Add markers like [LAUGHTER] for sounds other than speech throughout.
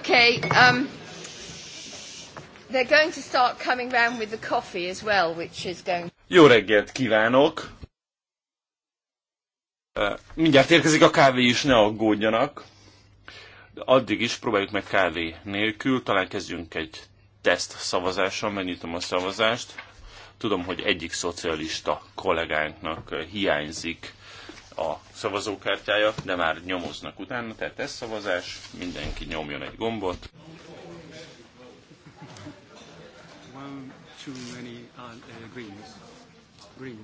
Okay, um, they're going to start coming round with the coffee as well, which is going... Jó reggelt kívánok! Mindjárt érkezik a kávé is, ne aggódjanak. Addig is próbáljuk meg kávé nélkül, talán kezdjünk egy teszt szavazással, megnyitom a szavazást. Tudom, hogy egyik szocialista kollégánknak hiányzik a szavazókártyája, de már nyomoznak utána, tehát ez szavazás, mindenki nyomjon egy gombot.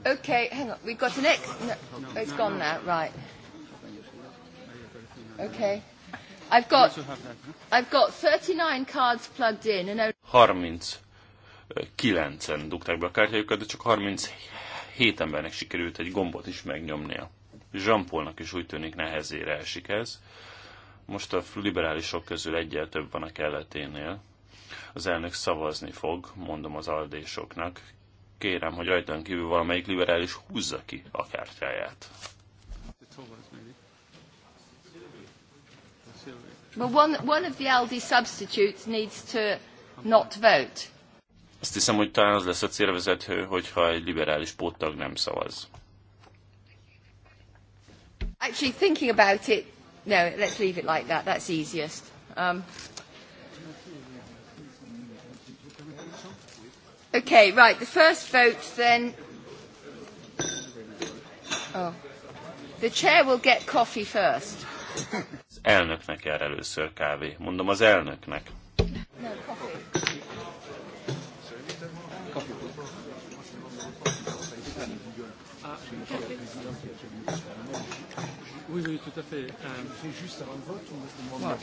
Okay, hang on, we've got an ex... No, no, oh, it's no, gone no. now, right. Okay. I've got, I've got 39 cards plugged in and only... 39-en dugták be a kártyájukat, de csak 37 embernek sikerült egy gombot is megnyomnia. Zsampolnak is úgy tűnik nehezére esik ez. Most a liberálisok közül egyel több van a kelleténél. Az elnök szavazni fog, mondom az aldésoknak. Kérem, hogy rajtan kívül valamelyik liberális húzza ki a kártyáját. one, one of the ALDE substitutes needs to not vote. Azt hiszem, hogy talán az lesz a célvezető, hogyha egy liberális póttag nem szavaz. Actually, thinking about it, no, let's leave it like that. That's easiest. Um, okay, right. The first vote then. Oh. The chair will get coffee first. [LAUGHS] Az elnöknek jár először kávé. Mondom az elnöknek. No, Oui, oui, tout à fait. Euh... Il faut juste avant le vote, on laisse le moment.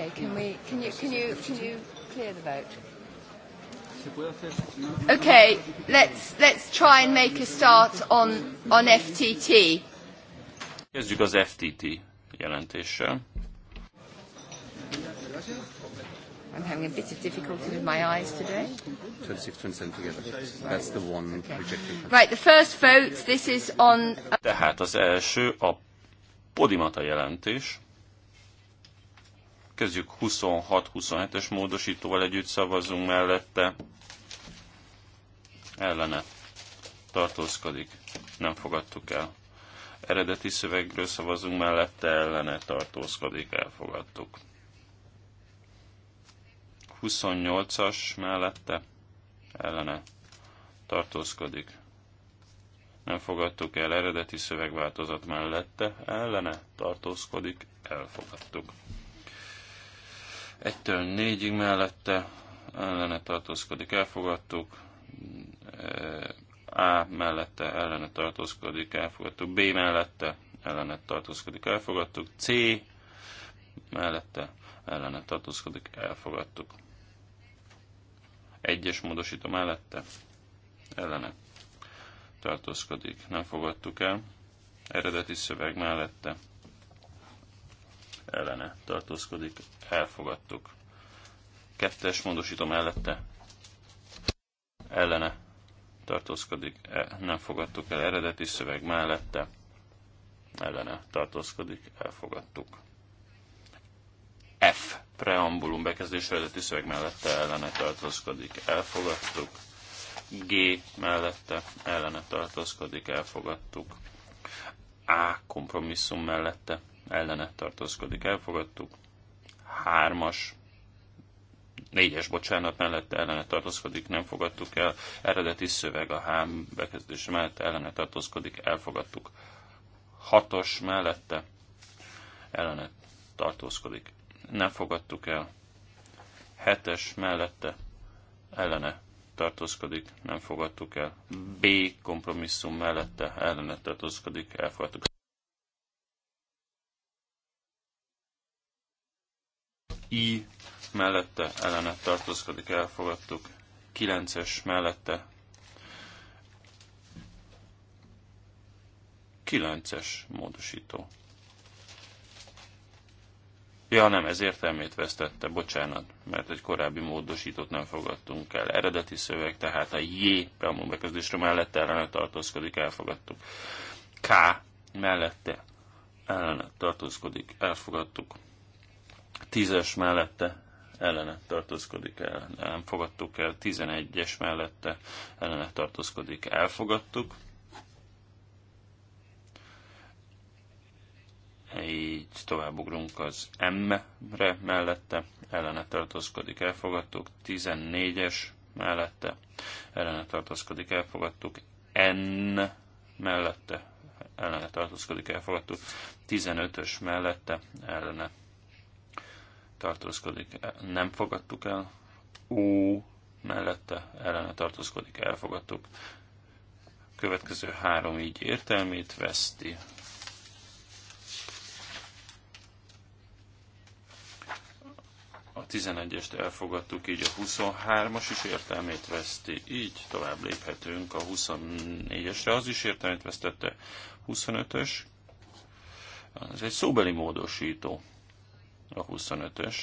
Okay, can we, can you, can you, can you clear the vote? Okay, let's, let's try and make a start on, on FTT. Kezdjük az FTT jelentéssel. I'm having a bit of difficulty with my eyes today. 26, 27 together. That's the one okay. rejected. Right, the first vote, this is on... Tehát az első a Podimata jelentés következők 26-27-es módosítóval együtt szavazunk mellette. Ellene tartózkodik. Nem fogadtuk el. Eredeti szövegről szavazunk mellette, ellene tartózkodik, elfogadtuk. 28-as mellette, ellene tartózkodik. Nem fogadtuk el eredeti szövegváltozat mellette, ellene tartózkodik, elfogadtuk. Egytől négyig mellette ellene tartózkodik, elfogadtuk. A mellette ellene tartózkodik, elfogadtuk. B mellette ellene tartózkodik, elfogadtuk. C mellette ellene tartózkodik, elfogadtuk. Egyes módosító mellette ellene tartózkodik, nem fogadtuk el. Eredeti szöveg mellette ellene tartózkodik, elfogadtuk. Kettes módosító mellette ellene tartózkodik, e, nem fogadtuk el eredeti szöveg mellette, ellene tartózkodik, elfogadtuk. F. Preambulum bekezdés eredeti szöveg mellette ellene tartózkodik, elfogadtuk. G. Mellette ellene tartózkodik, elfogadtuk. A. Kompromisszum mellette ellene tartózkodik, elfogadtuk. Hármas, négyes, bocsánat, mellette ellene tartózkodik, nem fogadtuk el. Eredeti szöveg a hám bekezdés mellett ellene tartózkodik, elfogadtuk. Hatos mellette ellene tartózkodik, nem fogadtuk el. Hetes mellette ellene tartózkodik, nem fogadtuk el. B kompromisszum mellette ellene tartózkodik, elfogadtuk. I mellette ellenet tartózkodik, elfogadtuk. 9-es mellette 9-es módosító. Ja nem, ez értelmét vesztette, bocsánat, mert egy korábbi módosítót nem fogadtunk el. Eredeti szöveg, tehát a J preambul bekezdésre mellette ellene tartózkodik, elfogadtuk. K mellette ellene tartózkodik, elfogadtuk. Tízes mellette ellene tartózkodik el, nem fogadtuk el. 11-es mellette ellene tartózkodik, elfogadtuk. Így továbbugrunk az M-re mellette, ellene tartózkodik, elfogadtuk. 14-es mellette ellene tartózkodik, elfogadtuk. N mellette ellene tartózkodik, elfogadtuk. 15-ös mellette ellene tartózkodik, nem fogadtuk el. U mellette ellene tartózkodik, elfogadtuk. Következő három így értelmét veszti. A 11-est elfogadtuk, így a 23-as is értelmét veszti, így tovább léphetünk a 24-esre, az is értelmét vesztette, 25-ös, ez egy szóbeli módosító a 25-ös.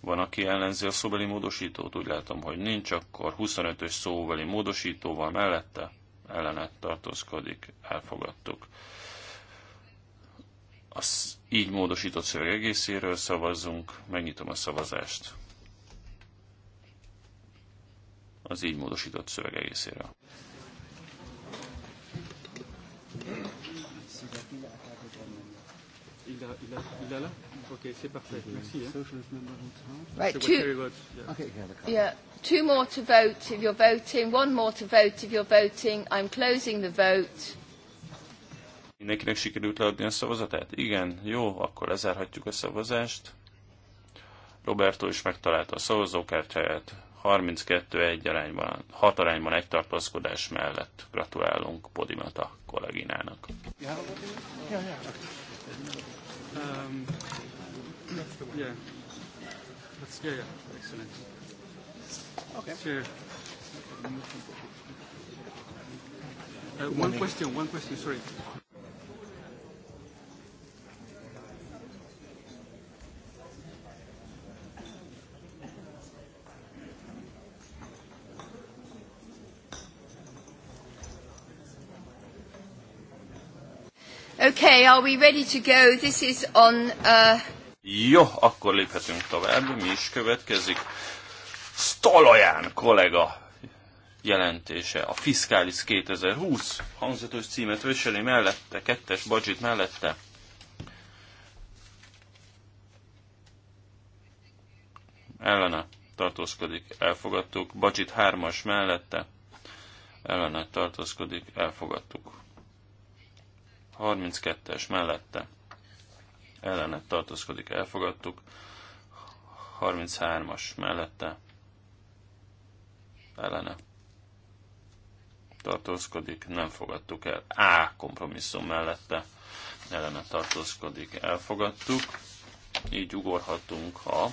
Van, aki ellenzi a szóbeli módosítót? Úgy látom, hogy nincs, akkor 25-ös szóbeli módosítóval mellette ellenet tartózkodik, elfogadtuk. Az így módosított szöveg egészéről szavazzunk, megnyitom a szavazást. Az így módosított szöveg egészéről. il a, il a, il a là Ok, c'est parfait. Merci. Hein. Right, two, okay. yeah, two more to vote if you're voting, one more to vote if you're voting. I'm closing the vote. Mindenkinek sikerült leadni a szavazatát? Igen, jó, akkor lezárhatjuk a szavazást. Roberto is megtalálta a szavazókártyáját. 32-1 arányban, 6 arányban egy tartózkodás mellett gratulálunk Podimata kolléginának. Yeah, yeah, yeah. Um, yeah. That's, yeah, yeah. Excellent. Okay. Sure. Uh, one question, one question, sorry. Okay, are we ready to go? This is on... Uh... Jó, akkor léphetünk tovább. Mi is következik? Stoloyan, kollega jelentése. A Fiscalis 2020 hangzatos címet viseli mellette, kettes budget mellette. Ellene tartózkodik, elfogadtuk. Budget 3-as mellette. Ellene tartózkodik, elfogadtuk. 32-es mellette ellenet tartózkodik, elfogadtuk. 33-as mellette ellene tartózkodik, nem fogadtuk el. A kompromisszum mellette ellene tartózkodik, elfogadtuk. Így ugorhatunk a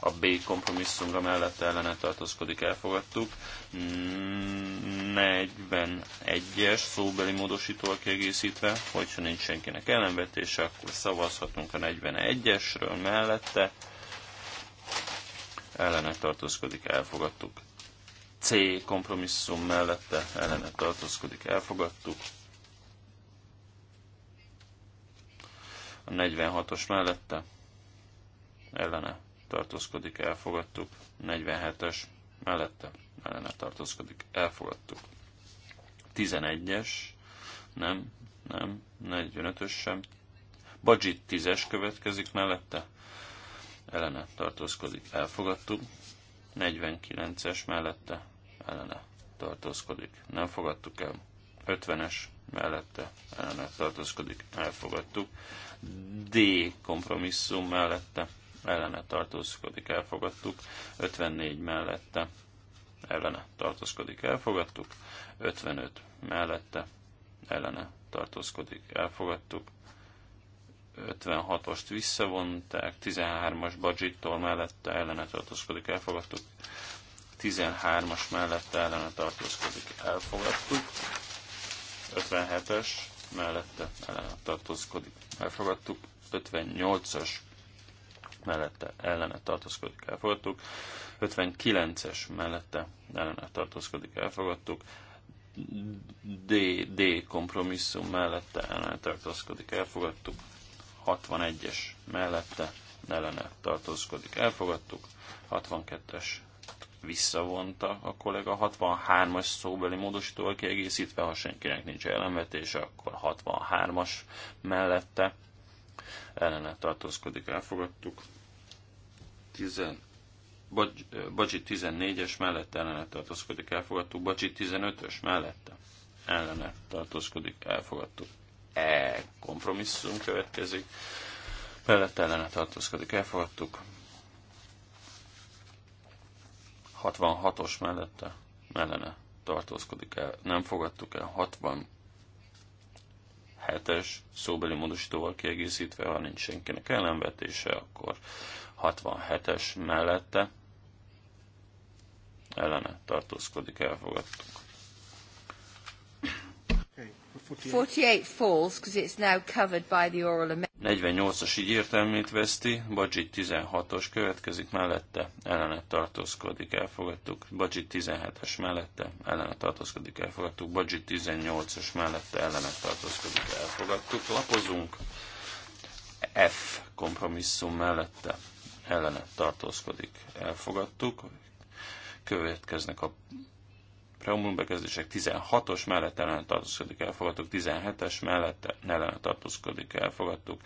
a B kompromisszum mellette ellene tartózkodik, elfogadtuk. 41-es mm, szóbeli módosítóval kiegészítve, hogyha nincs senkinek ellenvetése, akkor szavazhatunk a 41-esről mellette. Ellene tartózkodik, elfogadtuk. C kompromisszum mellette ellene tartózkodik, elfogadtuk. A 46-os mellette ellene tartózkodik, elfogadtuk. 47-es mellette ellene tartózkodik, elfogadtuk. 11-es, nem, nem, 45-ös sem. bajit 10-es következik mellette, ellene tartózkodik, elfogadtuk. 49-es mellette ellene tartózkodik, nem fogadtuk el. 50-es mellette ellene tartózkodik, elfogadtuk. D kompromisszum mellette ellene tartózkodik, elfogadtuk. 54 mellette ellene tartózkodik, elfogadtuk. 55 mellette ellene tartózkodik, elfogadtuk. 56-ost visszavonták, 13-as budgettól mellette ellene tartózkodik, elfogadtuk. 13-as mellette ellene tartózkodik, elfogadtuk. 57-es mellette ellene tartózkodik, elfogadtuk. 58-as mellette ellene tartózkodik, elfogadtuk. 59-es mellette ellene tartózkodik, elfogadtuk. D, D kompromisszum mellette ellene tartózkodik, elfogadtuk. 61-es mellette ellene tartózkodik, elfogadtuk. 62-es visszavonta a kollega 63-as szóbeli módosítóval kiegészítve, ha senkinek nincs ellenvetése, akkor 63-as mellette ellene tartózkodik, elfogadtuk. 10, Bacsi 14-es mellett ellene tartózkodik, elfogadtuk. Bacsi 15-ös mellette ellene tartózkodik, elfogadtuk. E kompromisszum következik. Mellett ellene tartózkodik, elfogadtuk. 66-os mellette mellene tartózkodik el, nem fogadtuk el, 60 7-es szóbeli módosítóval kiegészítve, ha nincs senkinek ellenvetése, akkor 67-es mellette ellene tartózkodik, elfogadtuk. 48 falls, because it's now covered by the oral amendment. 48-as így értelmét veszti, Bajit 16-os következik mellette, ellenet tartózkodik, elfogadtuk, Bajit 17-es mellette, ellenet tartózkodik, elfogadtuk, Bajit 18-as mellette, ellenet tartózkodik, elfogadtuk, lapozunk, F kompromisszum mellette, ellenet tartózkodik, elfogadtuk, következnek a preambulum bekezdések 16-os mellett ellen tartózkodik, elfogadtuk, 17-es mellett ellen tartózkodik, elfogadtuk,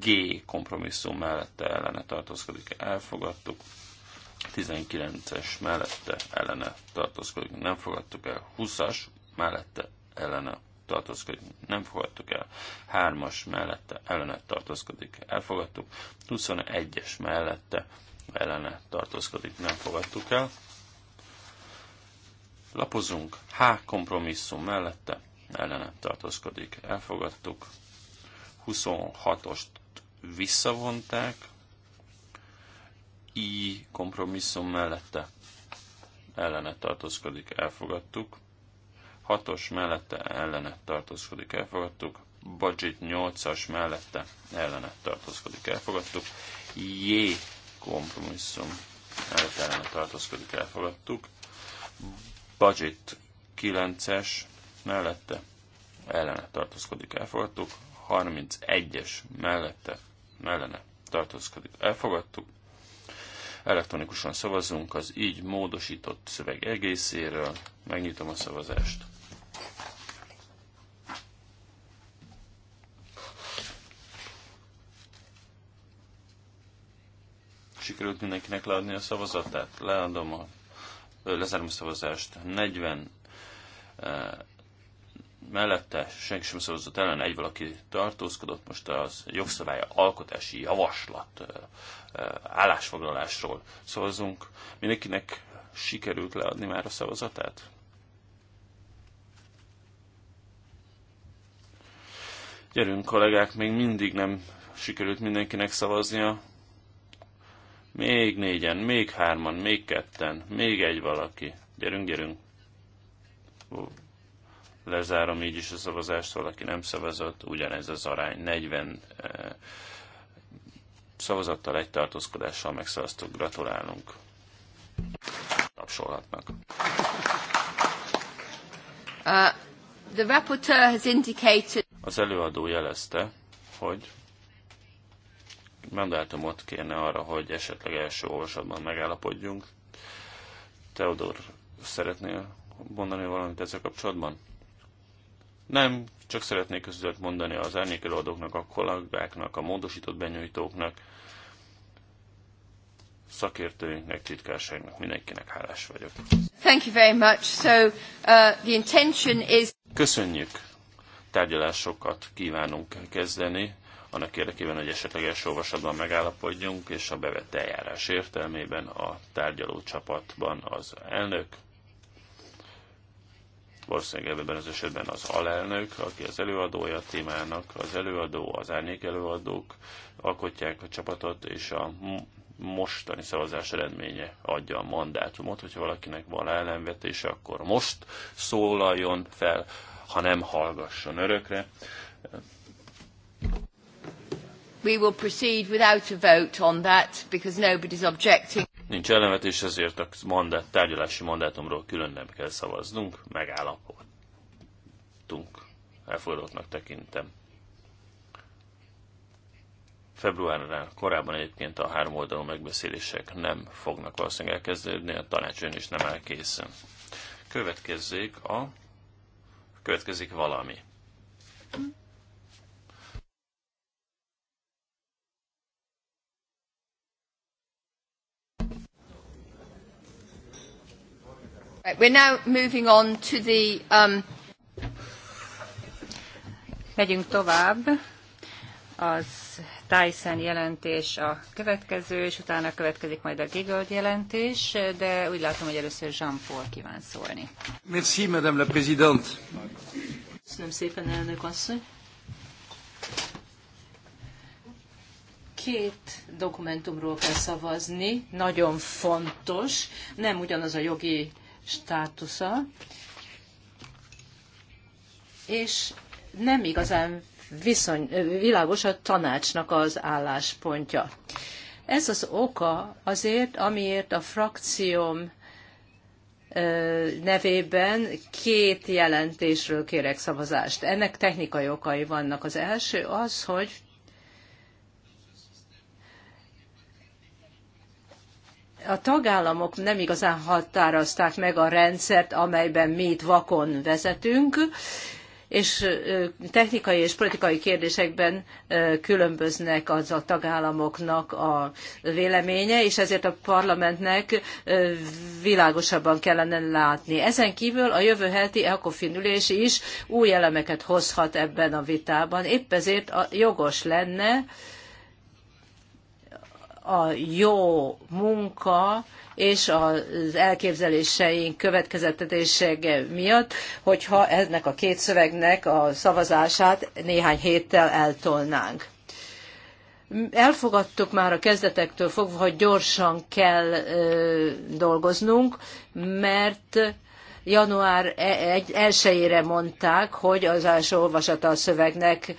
G kompromisszum mellette ellen tartózkodik, elfogadtuk, 19-es mellette ellene tartózkodik, nem fogadtuk el, 20-as mellette ellene tartózkodik, nem fogadtuk el, 3-as mellette ellene tartózkodik, elfogadtuk, 21-es mellette ellene tartózkodik, nem fogadtuk el, Lapozunk. H kompromisszum mellette ellene tartózkodik. Elfogadtuk. 26-ost visszavonták. I kompromisszum mellette ellene tartózkodik. Elfogadtuk. 6-os mellette ellene tartózkodik. Elfogadtuk. Budget 8-as mellette ellene tartózkodik. Elfogadtuk. J kompromisszum mellette ellene tartózkodik. Elfogadtuk budget 9-es mellette ellene tartózkodik, elfogadtuk. 31-es mellette mellene tartózkodik, elfogadtuk. Elektronikusan szavazunk az így módosított szöveg egészéről. Megnyitom a szavazást. Sikerült mindenkinek leadni a szavazatát? Leadom a lezárom a szavazást, 40 mellette senki sem szavazott ellen, egy valaki tartózkodott, most az jogszabály alkotási javaslat állásfoglalásról szavazunk. Mindenkinek sikerült leadni már a szavazatát? Gyerünk kollégák, még mindig nem sikerült mindenkinek szavaznia. Még négyen, még hárman, még ketten, még egy valaki. Gyerünk, gyerünk. Ó, lezárom így is a szavazást, valaki nem szavazott, ugyanez az arány. 40 eh, szavazattal egy tartózkodással megszavaztuk. Gratulálunk. Tapsolhatnak. Uh, the rapporteur has indicated... Az előadó jelezte, hogy mandátumot kérne arra, hogy esetleg első olvasatban megállapodjunk. Teodor, szeretnél mondani valamit ezzel kapcsolatban? Nem, csak szeretnék közöttet mondani az árnyékelőadóknak, a kollégáknak, a módosított benyújtóknak, szakértőinknek, titkárságnak, mindenkinek hálás vagyok. Thank you very much. So, uh, the intention is... Köszönjük! Tárgyalásokat kívánunk kezdeni annak érdekében, hogy esetleg első olvasatban megállapodjunk, és a bevett eljárás értelmében a tárgyaló csapatban az elnök, valószínűleg ebben az esetben az alelnök, aki az előadója a témának, az előadó, az árnyék előadók alkotják a csapatot, és a mostani szavazás eredménye adja a mandátumot, hogyha valakinek van ellenvetése, akkor most szólaljon fel, ha nem hallgasson örökre. We will proceed without a vote on that because nobody's objecting. Nincs ellenvetés, ezért a mandát, tárgyalási mandátumról külön nem kell szavaznunk, megállapodtunk. Elfogadottnak tekintem. Februárnál korábban egyébként a három oldalú megbeszélések nem fognak valószínűleg elkezdődni, a tanács ön is nem elkészül. Következzék a... Következik valami. Um, Megyünk tovább. Az Tyson jelentés a következő, és utána következik majd a Giggold jelentés, de úgy látom, hogy először Jean-Paul kíván szólni. Merci, Madame la Présidente. Köszönöm szépen, elnök asszony. két dokumentumról kell szavazni, nagyon fontos, nem ugyanaz a jogi státusza, és nem igazán viszony, világos a tanácsnak az álláspontja. Ez az oka azért, amiért a frakcióm nevében két jelentésről kérek szavazást. Ennek technikai okai vannak. Az első az, hogy a tagállamok nem igazán határozták meg a rendszert, amelyben mi itt vakon vezetünk, és technikai és politikai kérdésekben különböznek az a tagállamoknak a véleménye, és ezért a parlamentnek világosabban kellene látni. Ezen kívül a jövő heti ECOFIN ülés is új elemeket hozhat ebben a vitában. Épp ezért jogos lenne, a jó munka és az elképzeléseink következetessége miatt, hogyha ennek a két szövegnek a szavazását néhány héttel eltolnánk. Elfogadtuk már a kezdetektől fogva, hogy gyorsan kell dolgoznunk, mert január 1-ére e- mondták, hogy az első olvasata a szövegnek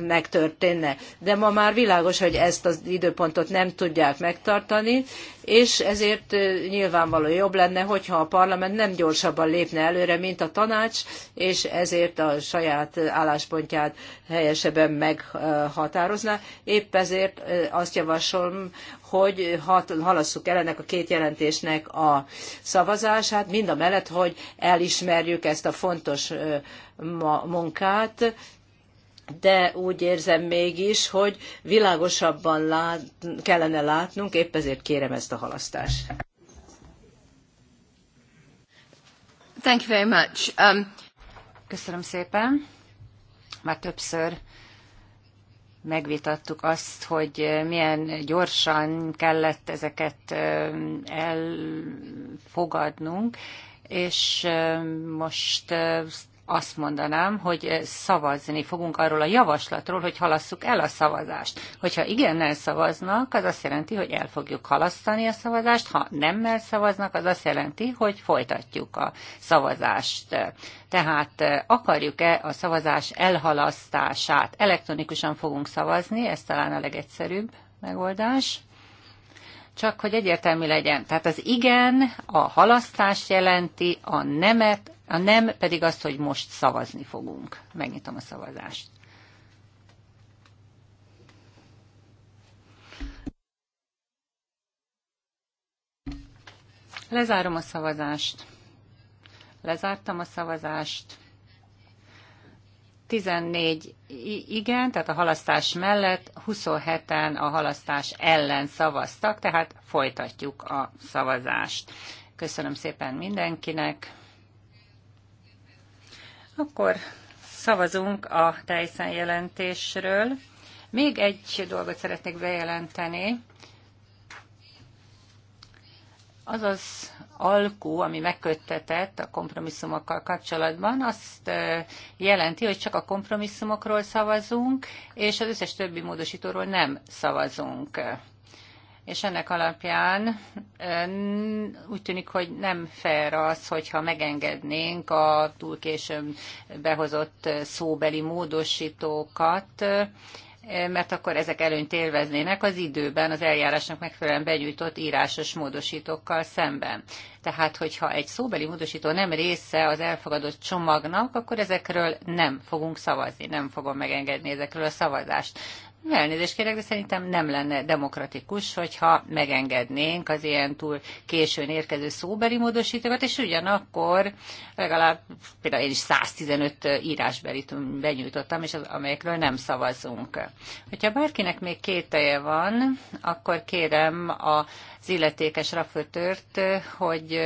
megtörténne. De ma már világos, hogy ezt az időpontot nem tudják megtartani, és ezért nyilvánvaló jobb lenne, hogyha a parlament nem gyorsabban lépne előre, mint a tanács, és ezért a saját álláspontját helyesebben meghatározná. Épp ezért azt javasolom, hogy halasszuk el ennek a két jelentésnek a szavazását, mind a mellett, hogy elismerjük ezt a fontos munkát, de úgy érzem mégis, hogy világosabban lát, kellene látnunk, épp ezért kérem ezt a halasztást. Thank you very much. Um... Köszönöm szépen. Már többször megvitattuk azt, hogy milyen gyorsan kellett ezeket elfogadnunk, és most azt mondanám, hogy eh, szavazni fogunk arról a javaslatról, hogy halasszuk el a szavazást. Hogyha igennel szavaznak, az azt jelenti, hogy el fogjuk halasztani a szavazást, ha nemmel szavaznak, az azt jelenti, hogy folytatjuk a szavazást. Tehát eh, akarjuk-e a szavazás elhalasztását? Elektronikusan fogunk szavazni, ez talán a legegyszerűbb megoldás csak hogy egyértelmű legyen. Tehát az igen a halasztást jelenti, a nemet a nem pedig azt, hogy most szavazni fogunk. Megnyitom a szavazást. Lezárom a szavazást. Lezártam a szavazást. 14 igen, tehát a halasztás mellett 27-en a halasztás ellen szavaztak, tehát folytatjuk a szavazást. Köszönöm szépen mindenkinek. Akkor szavazunk a Tyson jelentésről. Még egy dolgot szeretnék bejelenteni. Az az alkú, ami megköttetett a kompromisszumokkal kapcsolatban, azt jelenti, hogy csak a kompromisszumokról szavazunk, és az összes többi módosítóról nem szavazunk és ennek alapján úgy tűnik, hogy nem fair az, hogyha megengednénk a túl későn behozott szóbeli módosítókat, mert akkor ezek előnyt élveznének az időben az eljárásnak megfelelően benyújtott írásos módosítókkal szemben. Tehát, hogyha egy szóbeli módosító nem része az elfogadott csomagnak, akkor ezekről nem fogunk szavazni, nem fogom megengedni ezekről a szavazást. Elnézést kérek, de szerintem nem lenne demokratikus, hogyha megengednénk az ilyen túl későn érkező szóbeli módosítókat, és ugyanakkor legalább például én is 115 írásbelit benyújtottam, és az, amelyekről nem szavazunk. Hogyha bárkinek még kételje van, akkor kérem az illetékes rafötört, hogy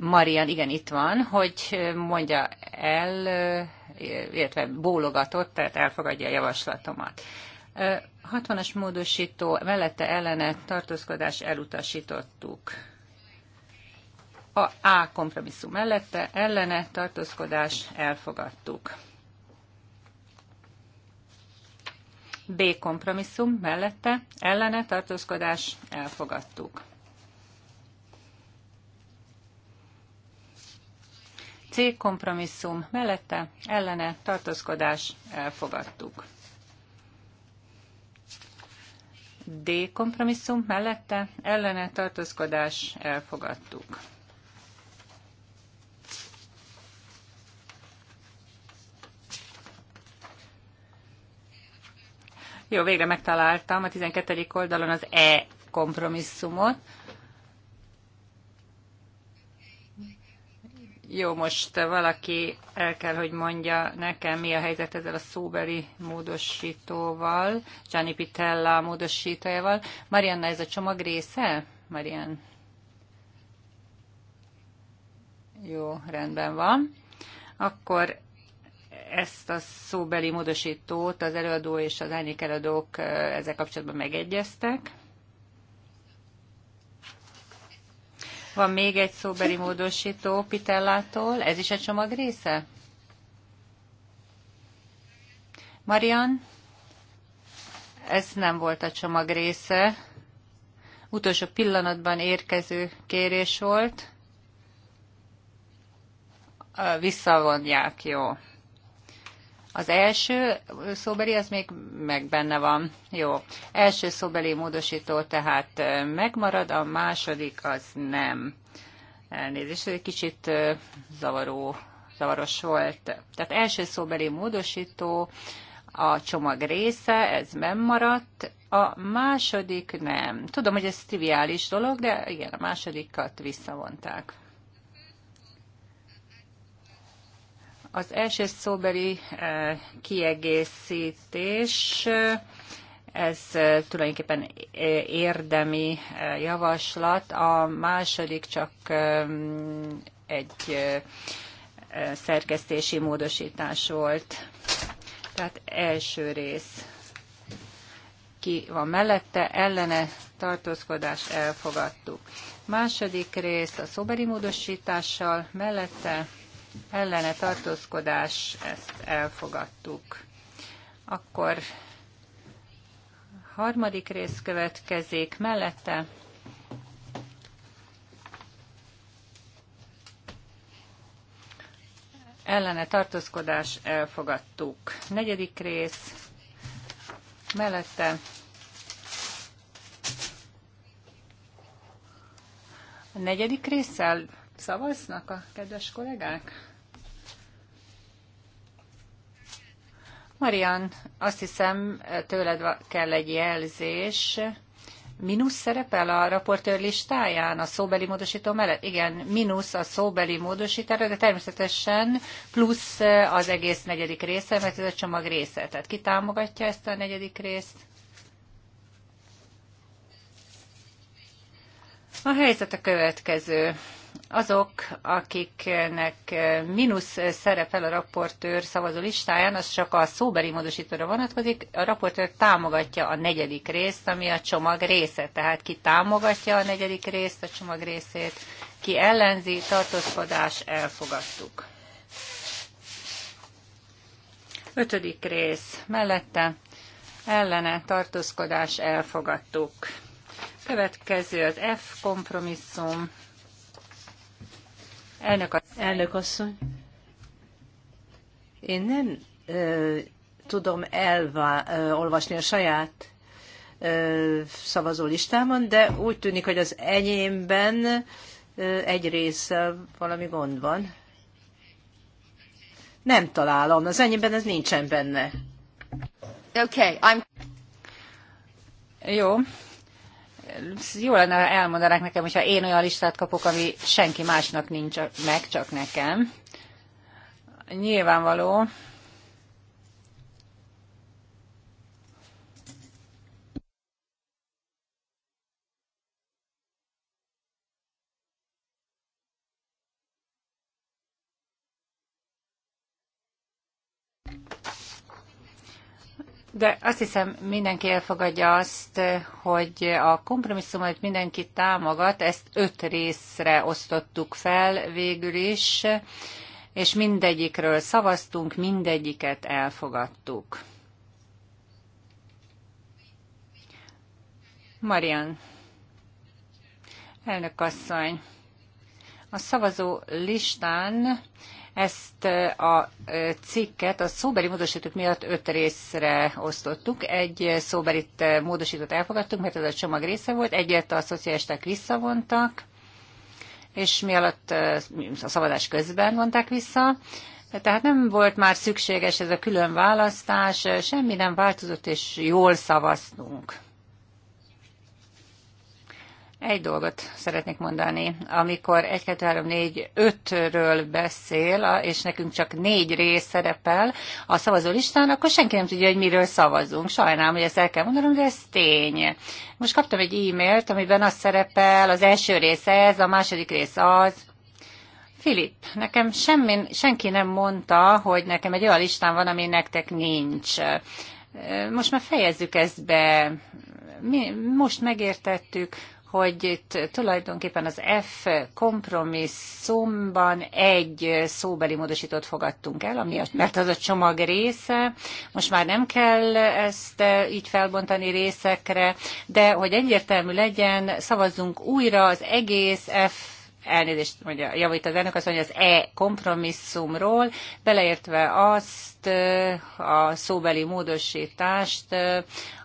Marian, igen, itt van, hogy mondja el illetve bólogatott, tehát elfogadja a javaslatomat. 60-as módosító mellette ellene tartózkodás elutasítottuk. A A kompromisszum mellette ellene tartózkodás elfogadtuk. B kompromisszum mellette ellene tartózkodás elfogadtuk. C kompromisszum mellette ellene tartózkodás elfogadtuk. D kompromisszum mellette ellene tartózkodás elfogadtuk. Jó, végre megtaláltam a 12. oldalon az E kompromisszumot. Jó, most valaki el kell, hogy mondja nekem, mi a helyzet ezzel a szóbeli módosítóval, Gianni Pitella módosítójával. Marianna, ez a csomag része? Marian. Jó, rendben van. Akkor ezt a szóbeli módosítót az előadó és az árnyék előadók eh, ezzel kapcsolatban megegyeztek. Van még egy szóbeli módosító Pitellától, ez is a csomag része? Marian, ez nem volt a csomag része. Utolsó pillanatban érkező kérés volt. Visszavonják, jó. Az első szóbeli, az még meg benne van. Jó. Első szóbeli módosító tehát megmarad, a második az nem. Elnézést, egy kicsit zavaró, zavaros volt. Tehát első szóbeli módosító, a csomag része, ez nem maradt, a második nem. Tudom, hogy ez triviális dolog, de igen, a másodikat visszavonták. Az első szóbeli e, kiegészítés, e, ez e, tulajdonképpen érdemi javaslat, a második csak egy szerkesztési módosítás volt. Tehát első rész ki van mellette, ellene tartózkodást elfogadtuk. Második rész a szoberi módosítással mellette ellene tartózkodás, ezt elfogadtuk. Akkor harmadik rész következik mellette. Ellene tartózkodás elfogadtuk. Negyedik rész mellette. A negyedik résszel Szavaznak a kedves kollégák? Marian, azt hiszem tőled kell egy jelzés. Minusz szerepel a raportőr listáján a szóbeli módosító mellett? Igen, minusz a szóbeli módosítára, de természetesen plusz az egész negyedik része, mert ez a csomag része. Tehát ki támogatja ezt a negyedik részt? A helyzet a következő azok, akiknek mínusz szerepel a raportőr szavazó listáján, az csak a szóbeli módosítóra vonatkozik. A raportőr támogatja a negyedik részt, ami a csomag része. Tehát ki támogatja a negyedik részt, a csomag részét, ki ellenzi, tartózkodás, elfogadtuk. Ötödik rész. Mellette ellene tartózkodás elfogadtuk. Következő az F kompromisszum Elnök, elnök asszony, én nem ö, tudom elolvasni a saját szavazólistámon, de úgy tűnik, hogy az enyémben ö, egy része valami gond van. Nem találom, az enyémben ez nincsen benne. Okay, I'm... Jó, jó lenne, ha elmondanák nekem, hogyha én olyan listát kapok, ami senki másnak nincs meg, csak nekem. Nyilvánvaló, De azt hiszem mindenki elfogadja azt, hogy a kompromisszumot mindenki támogat, ezt öt részre osztottuk fel végül is, és mindegyikről szavaztunk, mindegyiket elfogadtuk. Marian, elnök asszony, a szavazó listán ezt eh, a eh, cikket a szóbeli módosítók miatt öt részre osztottuk. Egy szóbelit eh, módosítót elfogadtuk, mert ez a csomag része volt, egyet a szocialisták visszavontak, és mi alatt a szavazás közben vonták vissza. Tehát nem volt már szükséges ez a külön választás, semmi nem változott, és jól szavaztunk. Egy dolgot szeretnék mondani. Amikor 1, 2, 3, 4, 5-ről beszél, és nekünk csak négy rész szerepel a szavazólistán, akkor senki nem tudja, hogy miről szavazunk. Sajnálom, hogy ezt el kell mondanom, de ez tény. Most kaptam egy e-mailt, amiben az szerepel, az első rész ez, a második rész az. Filip, nekem semmi, senki nem mondta, hogy nekem egy olyan listán van, ami nektek nincs. Most már fejezzük ezt be. Mi, most megértettük, hogy itt tulajdonképpen az F kompromisszumban egy szóbeli módosítót fogadtunk el, ami, mert az a csomag része. Most már nem kell ezt eh, így felbontani részekre, de hogy egyértelmű legyen, szavazzunk újra az egész F elnézést mondja, javít az elnök, azt mondja, az e-kompromisszumról, beleértve azt a szóbeli módosítást,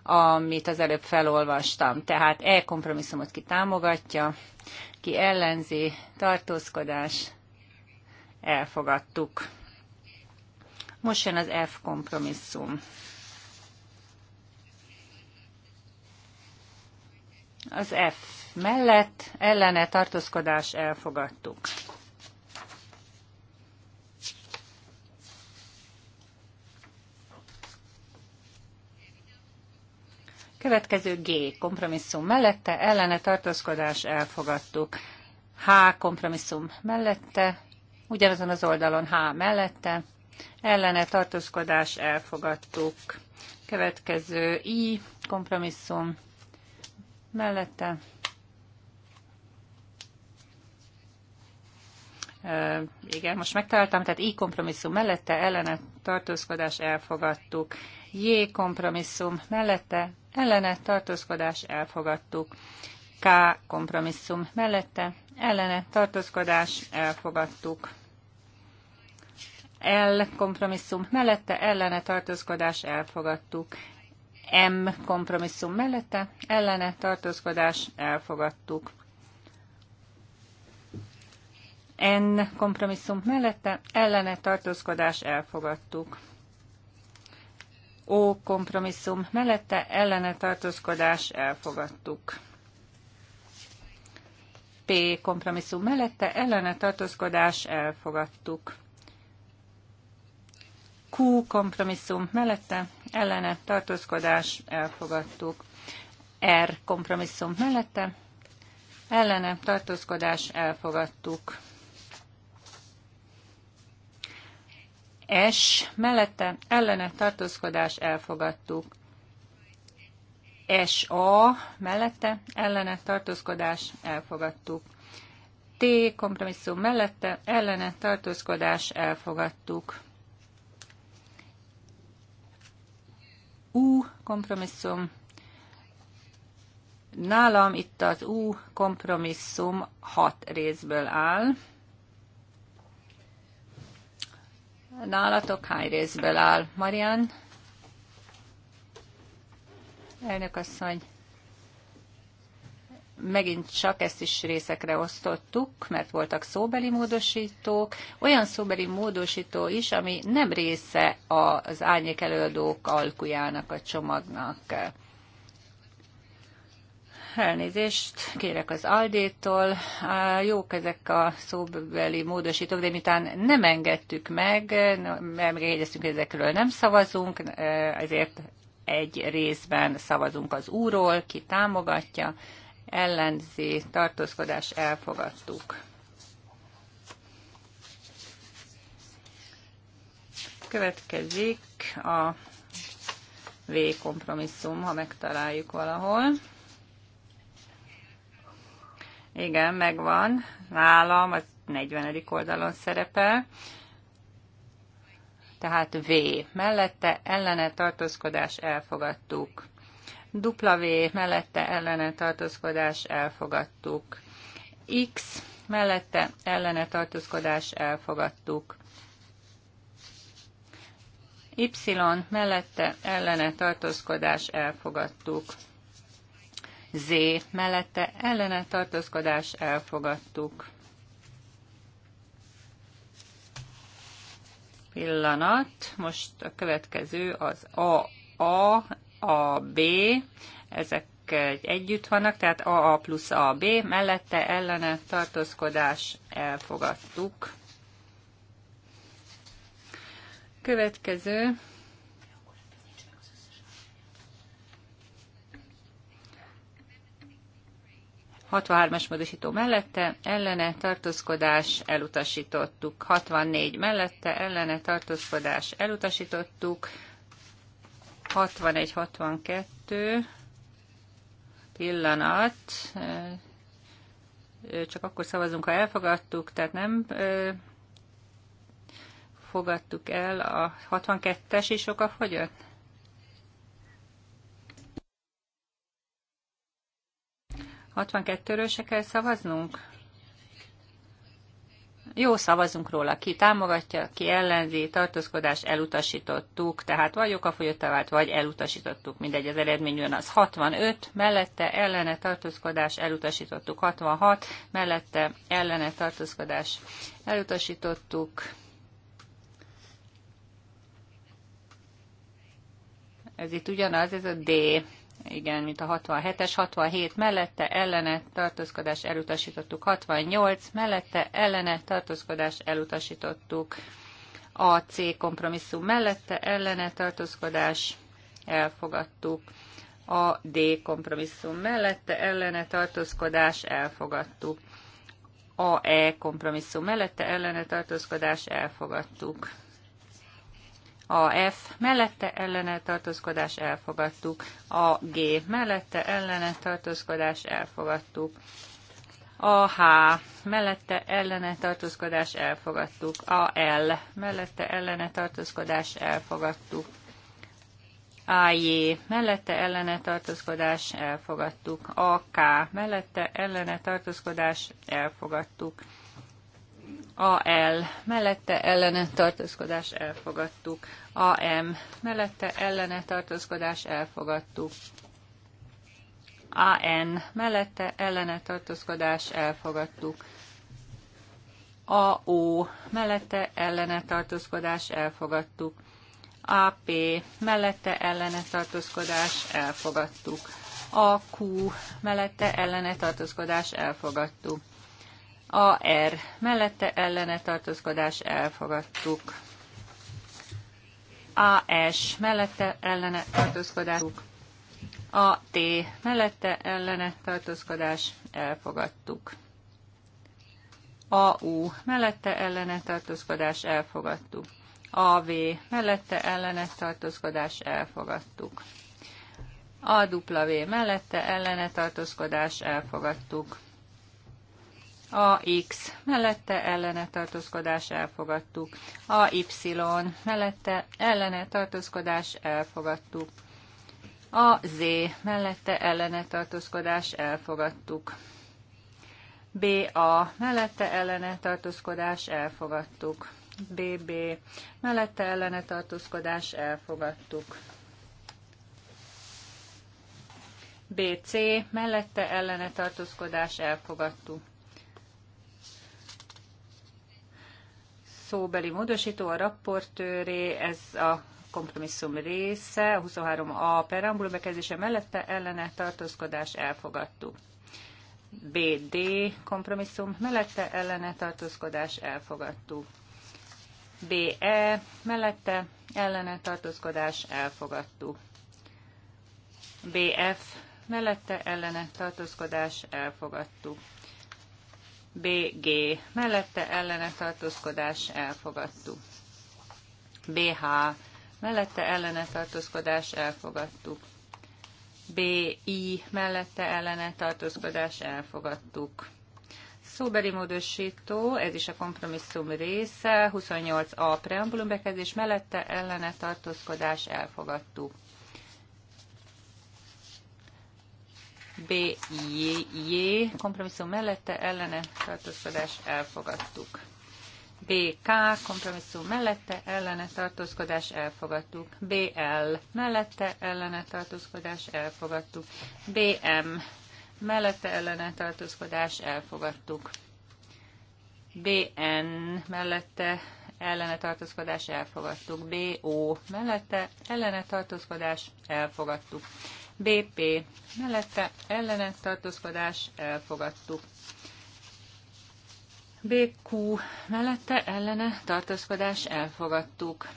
amit az előbb felolvastam. Tehát e-kompromisszumot ki támogatja, ki ellenzi, tartózkodás, elfogadtuk. Most jön az F kompromisszum. Az F mellett ellene tartózkodás elfogadtuk. Következő G kompromisszum mellette ellene tartózkodás elfogadtuk. H kompromisszum mellette, ugyanazon az oldalon H mellette, ellene tartózkodás elfogadtuk. Következő I kompromisszum mellette, igen, most megtaláltam, tehát így kompromisszum mellette ellene tartózkodás elfogadtuk. J kompromisszum mellette ellene tartózkodás elfogadtuk. K kompromisszum mellette ellene tartózkodás elfogadtuk. L kompromisszum mellette ellene tartózkodás elfogadtuk. M kompromisszum mellette ellene tartózkodás elfogadtuk. N kompromisszum mellette ellene tartózkodás elfogadtuk. O kompromisszum mellette ellene tartózkodás elfogadtuk. P kompromisszum mellette ellene tartózkodás elfogadtuk. Q kompromisszum mellette ellene tartózkodás elfogadtuk. R kompromisszum mellette ellene tartózkodás elfogadtuk. S mellette ellene tartózkodás elfogadtuk. S A mellette ellene tartózkodás elfogadtuk. T kompromisszum mellette ellene tartózkodás elfogadtuk. U kompromisszum Nálam itt az U kompromisszum hat részből áll. nálatok hány részből áll? Marian? Elnök asszony, megint csak ezt is részekre osztottuk, mert voltak szóbeli módosítók, olyan szóbeli módosító is, ami nem része az árnyék előadók alkujának, a csomagnak. Elnézést kérek az Aldétól. Jók ezek a szóbeli módosítók, de miután nem engedtük meg, megjegyeztünk, hogy ezekről nem szavazunk, e, ezért egy részben szavazunk az úról, ki támogatja, ellenzi, tartózkodás elfogadtuk. Következik a V kompromisszum, ha megtaláljuk valahol. Igen, megvan. Nálam az 40. oldalon szerepel. Tehát V. Mellette ellene tartózkodás elfogadtuk. V mellette ellene tartózkodás elfogadtuk. X mellette ellene tartózkodás elfogadtuk. Y mellette ellene tartózkodás elfogadtuk. Z mellette ellene tartózkodás elfogadtuk. Pillanat, most a következő az A, A, A, B, ezek együtt vannak, tehát AA plusz AB, mellette ellene tartózkodás elfogadtuk. Következő 63-as módosító mellette, ellene tartózkodás elutasítottuk. 64 mellette, ellene tartózkodás elutasítottuk. 61-62 pillanat. Csak akkor szavazunk, ha elfogadtuk, tehát nem fogadtuk el. A 62-es is fogyott? 62-ről se kell szavaznunk? Jó, szavazunk róla. Ki támogatja, ki ellenzi, tartózkodás elutasítottuk, tehát vagy okafogyott vagy elutasítottuk. Mindegy, az eredmény jön az 65, mellette ellene tartózkodás elutasítottuk. 66, mellette ellene tartózkodás elutasítottuk. Ez itt ugyanaz, ez a D igen, mint a 67-es, 67 mellette ellene tartózkodás elutasítottuk, 68 mellette ellene tartózkodás elutasítottuk, a C kompromisszum mellette ellene tartózkodás elfogadtuk, a D kompromisszum mellette ellene tartózkodás elfogadtuk, a E kompromisszum mellette ellene tartózkodás elfogadtuk. A F mellette ellene tartózkodás elfogadtuk. A G mellette ellene tartózkodás elfogadtuk. A H mellette ellene tartózkodás elfogadtuk. A L mellette ellene tartózkodás elfogadtuk. AJ mellette ellene tartózkodás elfogadtuk. AK mellette ellene tartózkodás elfogadtuk. AL mellette ellene tartózkodás elfogadtuk. AM mellette ellene tartózkodás elfogadtuk. AN mellette ellene tartózkodás elfogadtuk. AO mellette ellene tartózkodás elfogadtuk. AP mellette ellene tartózkodás elfogadtuk. AQ mellette ellene tartózkodás elfogadtuk. AR mellette ellene tartózkodás elfogadtuk. AS mellette ellene tartózkodás. T mellette ellene tartózkodás elfogadtuk. U mellette ellene tartózkodás elfogadtuk. V mellette ellene tartózkodás elfogadtuk. W mellette ellene tartózkodás elfogadtuk a x mellette ellene tartózkodás elfogadtuk. y mellette ellene tartózkodás elfogadtuk. z mellette ellene tartózkodás elfogadtuk. BA mellette ellene tartózkodás elfogadtuk. BB mellette ellene tartózkodás elfogadtuk. BC mellette ellene tartózkodás elfogadtuk. szóbeli módosító, a rapportőré, ez a kompromisszum része, a 23A perambulum bekezdése mellette ellene tartózkodás elfogadtuk. BD kompromisszum mellette ellene tartózkodás elfogadtuk. BE mellette ellene tartózkodás elfogadtuk. BF mellette ellene tartózkodás elfogadtuk. BG mellette ellene tartózkodás elfogadtuk. BH mellette ellene tartózkodás elfogadtuk. BI mellette ellene tartózkodás elfogadtuk. Szóbeli módosító, ez is a kompromisszum része, 28a preambulum bekezdés mellette ellene tartózkodás elfogadtuk. BJ kompromisszum mellette ellene tartózkodás elfogadtuk. BK kompromisszum mellette ellene tartózkodás elfogadtuk. BL mellette ellene tartózkodás elfogadtuk. BM mellette ellene tartózkodás elfogadtuk. BN mellette ellene tartózkodás elfogadtuk. BO mellette ellene tartózkodás elfogadtuk. BP mellette ellene tartózkodás elfogadtuk. BQ mellette ellene tartózkodás elfogadtuk.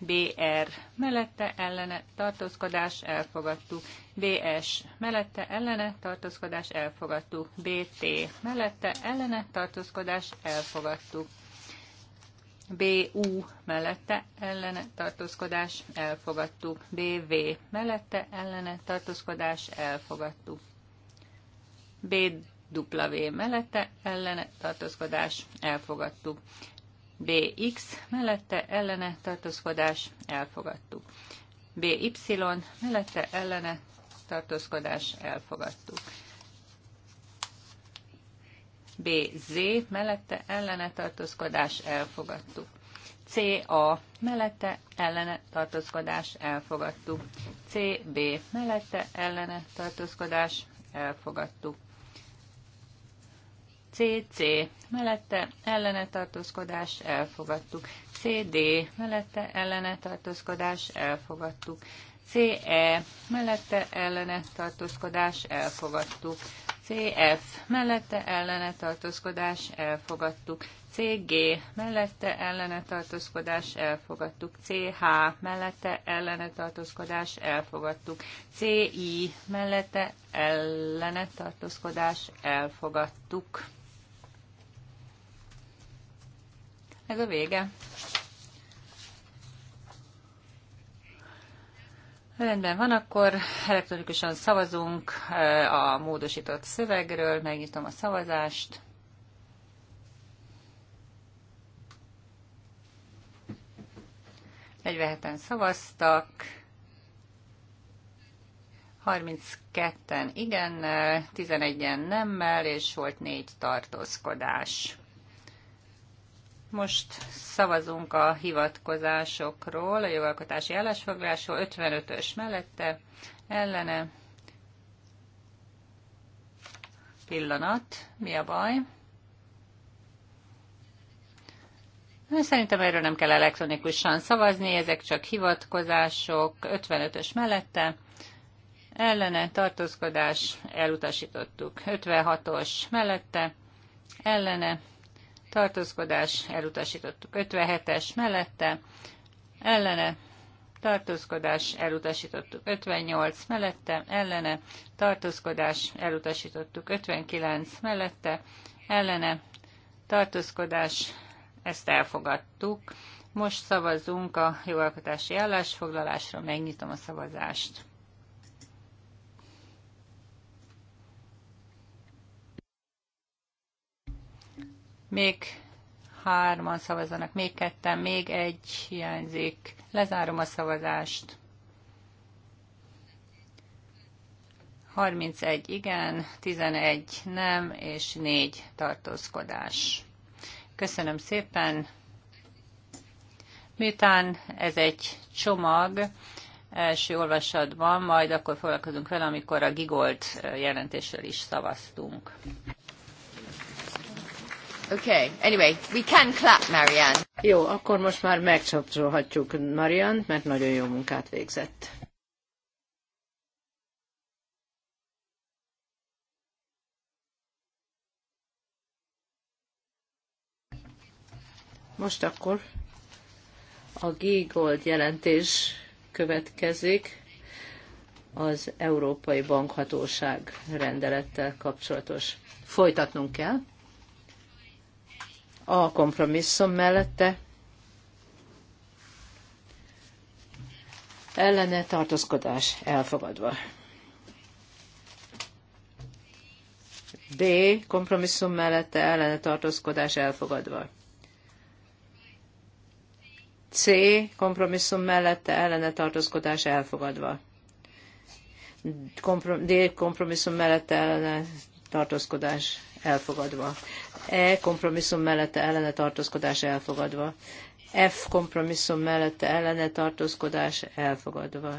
BR mellette ellene tartózkodás elfogadtuk. BS mellette ellene tartózkodás elfogadtuk. BT mellette ellene tartózkodás elfogadtuk. BU mellette ellene tartózkodás elfogadtuk. BV mellette ellene tartózkodás elfogadtuk. BW mellette ellene tartózkodás elfogadtuk. BX mellette ellene tartózkodás elfogadtuk. BY mellette ellene tartózkodás elfogadtuk. BZ mellette ellene tartózkodás elfogadtuk. CA mellette ellene tartózkodás elfogadtuk. CB mellette ellene tartózkodás elfogadtuk. CC mellette ellene tartózkodás elfogadtuk. CD mellette ellene tartózkodás elfogadtuk. CE mellette ellene tartózkodás elfogadtuk. CF mellette ellene tartózkodás elfogadtuk. CG mellette ellene tartózkodás elfogadtuk. CH mellette ellene tartózkodás elfogadtuk. CI mellette ellene tartózkodás elfogadtuk. Ez a vége. Rendben van, akkor elektronikusan szavazunk a módosított szövegről, megnyitom a szavazást. Egyveheten szavaztak, 32-en igennel, 11-en nemmel, és volt négy tartózkodás. Most szavazunk a hivatkozásokról, a jogalkotási állásfoglalásról, 55-ös mellette, ellene. Pillanat, mi a baj? Szerintem erről nem kell elektronikusan szavazni, ezek csak hivatkozások, 55-ös mellette, ellene tartózkodás, elutasítottuk, 56-os mellette, ellene tartózkodás, elutasítottuk 57-es mellette, ellene, tartózkodás, elutasítottuk 58 mellette, ellene, tartózkodás, elutasítottuk 59 mellette, ellene, tartózkodás, ezt elfogadtuk. Most szavazzunk a jogalkotási állásfoglalásra, megnyitom a szavazást. Még hárman szavazanak, még ketten, még egy hiányzik. Lezárom a szavazást. 31 igen, 11 nem, és 4 tartózkodás. Köszönöm szépen. Miután ez egy csomag, első olvasatban, majd akkor foglalkozunk vele, amikor a Gigolt jelentésről is szavaztunk. Okay, anyway, we can clap, Marianne. Jó, akkor most már megcsapcsolhatjuk Marianne, mert nagyon jó munkát végzett. Most akkor a Gigold jelentés következik az Európai Bankhatóság rendelettel kapcsolatos. Folytatnunk kell. A kompromisszum mellette ellene tartózkodás elfogadva. D. Kompromisszum mellette ellene tartózkodás elfogadva. C. Kompromisszum mellette ellene tartózkodás elfogadva. D. Kompromisszum mellette ellene tartózkodás elfogadva. E kompromisszum mellette ellene tartózkodás elfogadva. F kompromisszum mellette ellene tartózkodás elfogadva.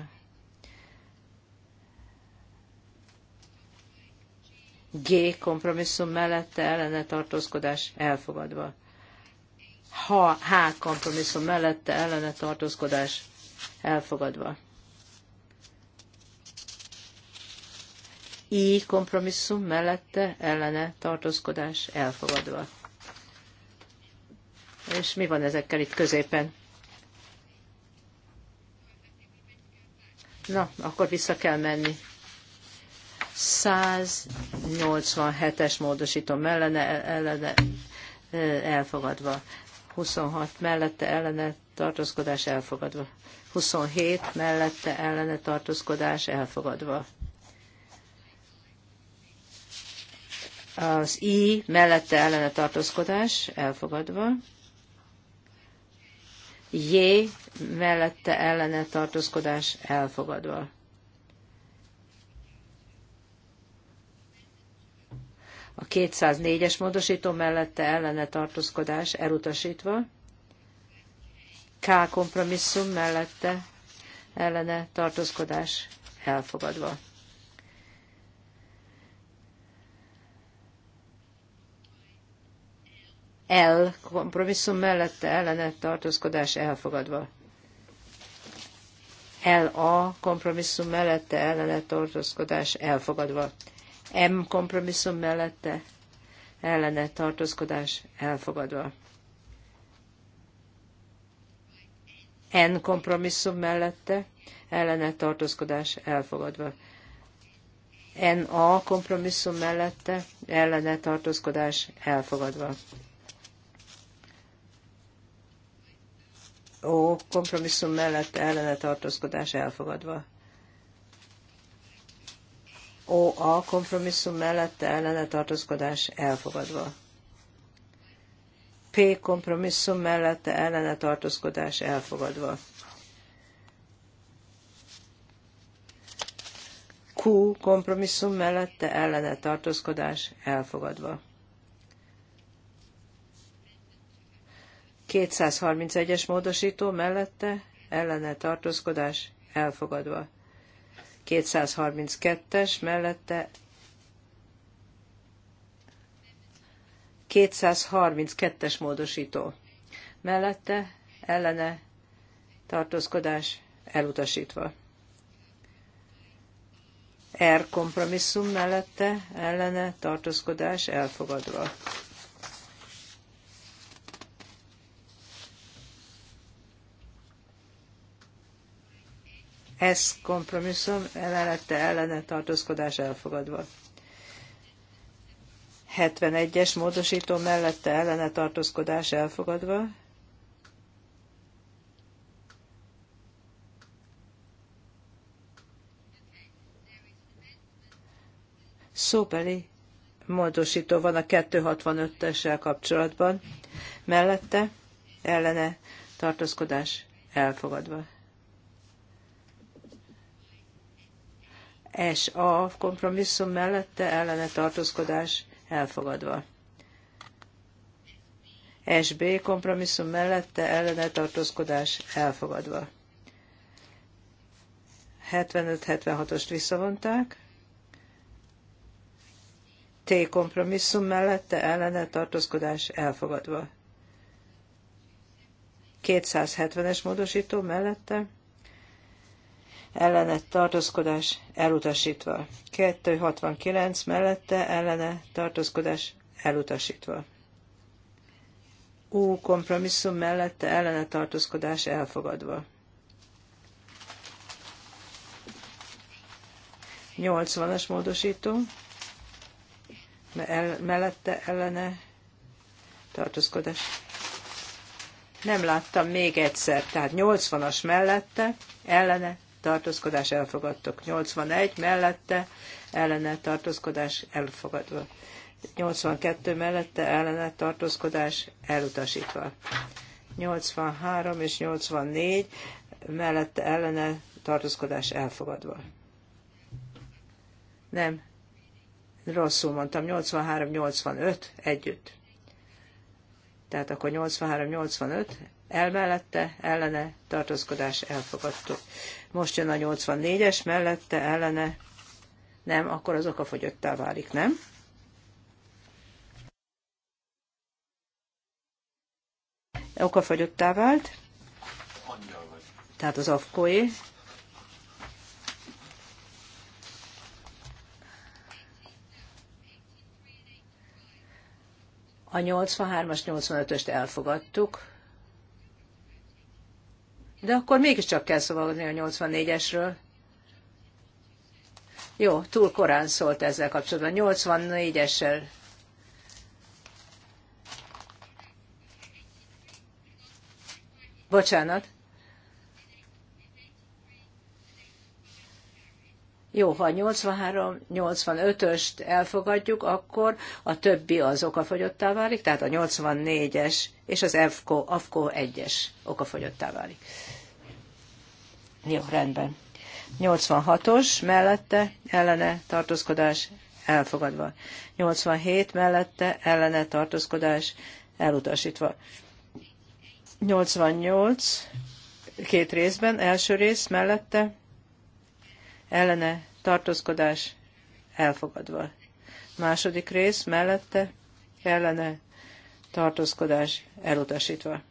G kompromisszum mellette ellene tartózkodás elfogadva. H, H kompromisszum mellette ellene tartózkodás elfogadva. így kompromisszum mellette ellene tartózkodás elfogadva. És mi van ezekkel itt középen? Na, akkor vissza kell menni. 187-es módosító mellene, e, ellene, e, elfogadva. 26 mellette ellene tartózkodás elfogadva. 27 mellette ellene tartózkodás elfogadva. Az I mellette ellene tartózkodás elfogadva. J mellette ellene tartózkodás elfogadva. A 204-es módosító mellette ellene tartózkodás elutasítva. K kompromisszum mellette ellene tartózkodás elfogadva. L kompromisszum mellette ellene tartózkodás elfogadva. LA kompromisszum mellette ellene tartózkodás elfogadva. M kompromisszum mellette ellene tartózkodás elfogadva. N kompromisszum mellette ellene tartózkodás elfogadva. NA kompromisszum mellette ellene tartózkodás elfogadva. ó kompromisszum mellett ellene tartózkodás elfogadva. ó a kompromisszum mellett ellene tartózkodás elfogadva. P kompromisszum mellett ellene tartózkodás elfogadva. Q kompromisszum mellette ellene tartózkodás elfogadva. 231-es módosító mellette ellene tartózkodás elfogadva. 232-es mellette 232-es módosító mellette ellene tartózkodás elutasítva. R kompromisszum mellette ellene tartózkodás elfogadva. ez kompromisszum mellette ellene tartózkodás elfogadva. 71-es módosító mellette ellene tartózkodás elfogadva. Szóbeli módosító van a 265-essel kapcsolatban, mellette ellene tartózkodás elfogadva. A kompromisszum mellette ellene tartózkodás elfogadva. SB kompromisszum mellette ellene tartózkodás elfogadva. 75-76-ost visszavonták. T kompromisszum mellette ellene tartózkodás elfogadva. 270-es módosító mellette ellene tartózkodás elutasítva. 269 mellette ellene tartózkodás elutasítva. U kompromisszum mellette ellene tartózkodás elfogadva. 80-as módosító mellette ellene tartózkodás. Nem láttam még egyszer, tehát 80-as mellette ellene tartózkodás elfogadtok. 81 mellette ellene tartózkodás elfogadva. 82 mellette ellene tartózkodás elutasítva. 83 és 84 mellette ellene tartózkodás elfogadva. Nem, rosszul mondtam, 83-85 együtt. Tehát akkor 83-85 elmellette, ellene tartózkodás elfogadtuk. Most jön a 84-es, mellette, ellene, nem, akkor az fogyottá válik, nem? fogyottá vált. Tehát az afkóé. A 83-as, 85-öst elfogadtuk. De akkor mégiscsak kell szavazni a 84-esről. Jó, túl korán szólt ezzel kapcsolatban. 84-essel. Bocsánat. Jó, ha 83-85-öst elfogadjuk, akkor a többi az okafogyottá válik, tehát a 84-es és az FK, AFKO 1-es okafogyottá válik. Jó, rendben. 86-os mellette ellene tartózkodás elfogadva. 87 mellette ellene tartózkodás elutasítva. 88 két részben, első rész mellette ellene tartózkodás elfogadva. Második rész mellette ellene tartózkodás elutasítva.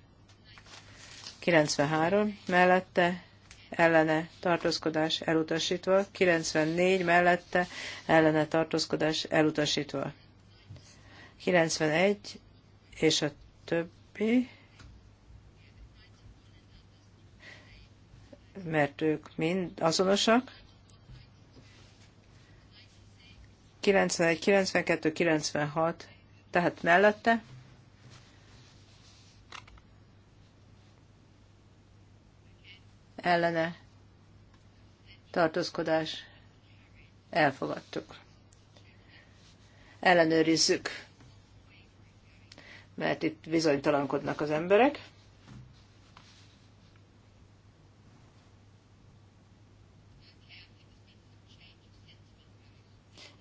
93 mellette ellene tartózkodás elutasítva, 94 mellette ellene tartózkodás elutasítva. 91 és a többi, mert ők mind azonosak, 91, 92, 96, tehát mellette. Ellene tartózkodás elfogadtuk. Ellenőrizzük, mert itt bizonytalankodnak az emberek.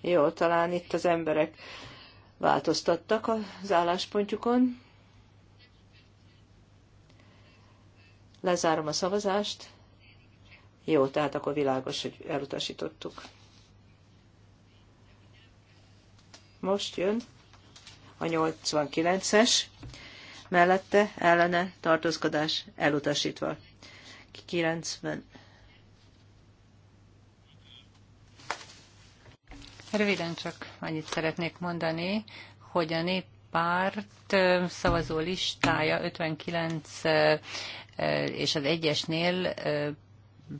Jó, talán itt az emberek változtattak az álláspontjukon. Lezárom a szavazást. Jó, tehát akkor világos, hogy elutasítottuk. Most jön a 89-es, mellette ellene tartózkodás elutasítva. 90 Röviden csak annyit szeretnék mondani, hogy a néppárt szavazó listája 59 és az egyesnél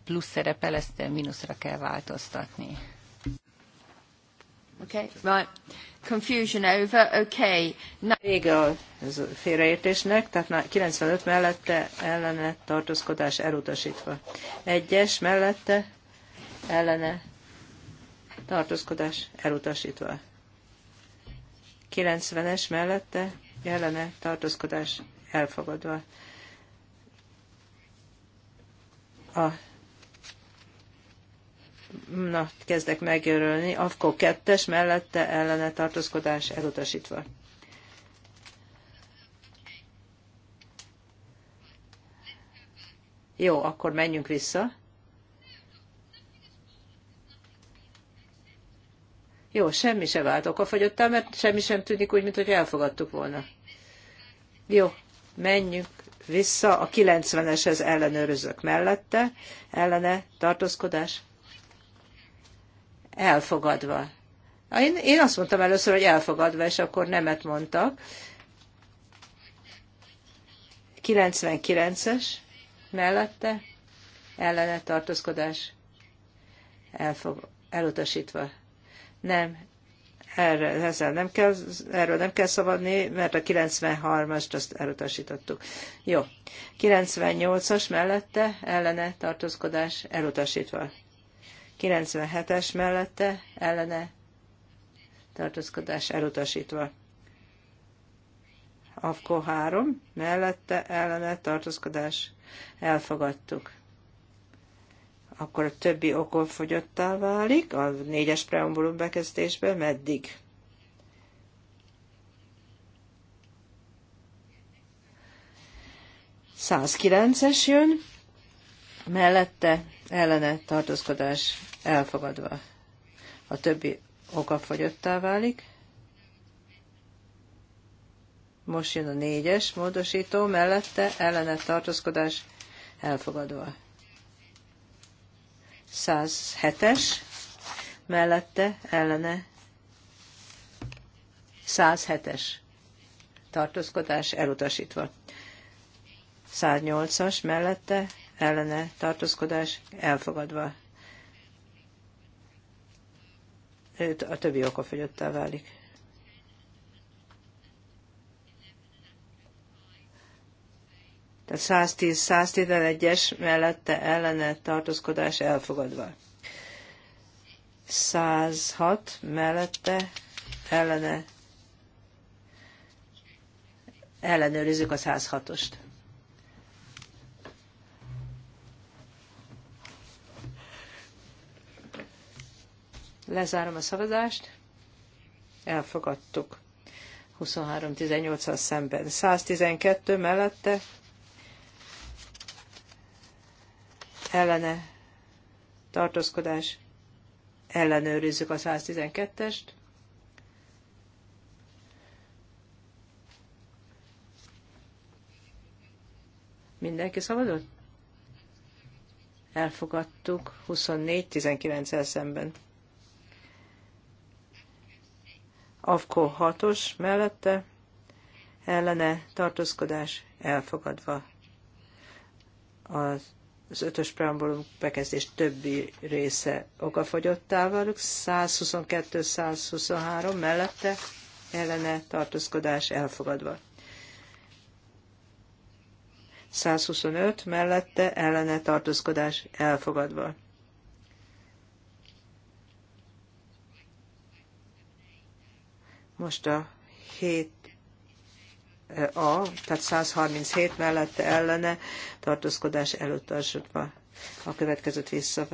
plusz szerepel, ezt mínuszra kell változtatni. Okay, right. Confusion over, okay. Na- Vége a félreértésnek, tehát 95 mellette ellene tartózkodás elutasítva. Egyes mellette ellene tartózkodás elutasítva. 90-es mellette jelene tartózkodás elfogadva. A Na, kezdek megjelölni. Afko 2-es mellette ellene tartózkodás elutasítva. Jó, akkor menjünk vissza. Jó, semmi se vált okafogyottá, mert semmi sem tűnik úgy, mintha elfogadtuk volna. Jó, menjünk vissza a 90-eshez ellenőrözök mellette, ellene tartózkodás elfogadva. Én, én azt mondtam először, hogy elfogadva, és akkor nemet mondtak. 99-es mellette ellene tartózkodás elfog, elutasítva. Nem, erről, ezzel nem kell, erről nem kell szavazni, mert a 93-ast azt elutasítottuk. Jó. 98-as mellette ellene tartózkodás elutasítva. 97-es mellette ellene tartózkodás elutasítva. Avko 3 mellette ellene tartózkodás elfogadtuk akkor a többi okon fogyottá válik a négyes preambulum bekezdésben, meddig? es jön, mellette ellene tartózkodás elfogadva. A többi oka fogyottá válik. Most jön a négyes módosító, mellette ellene tartózkodás elfogadva. 107-es, mellette ellene 107-es tartózkodás elutasítva. 108-as mellette ellene tartózkodás elfogadva. A többi okafogyottá válik. Tehát 110, 111-es mellette ellene tartózkodás elfogadva. 106 mellette ellene ellenőrizzük a 106-ost. Lezárom a szavazást. Elfogadtuk. 23-18-as szemben. 112 mellette ellene tartózkodás, ellenőrizzük a 112-est. Mindenki szabadult? Elfogadtuk 24-19-el szemben. Avko 6-os mellette ellene tartózkodás elfogadva. Az az ötös preambulum bekezdés többi része okafogyottá válik, 122-123 mellette ellene tartózkodás elfogadva. 125 mellette ellene tartózkodás elfogadva. Most a 7 a, tehát 137 mellette ellene tartózkodás elutasítva. A következőt vissza.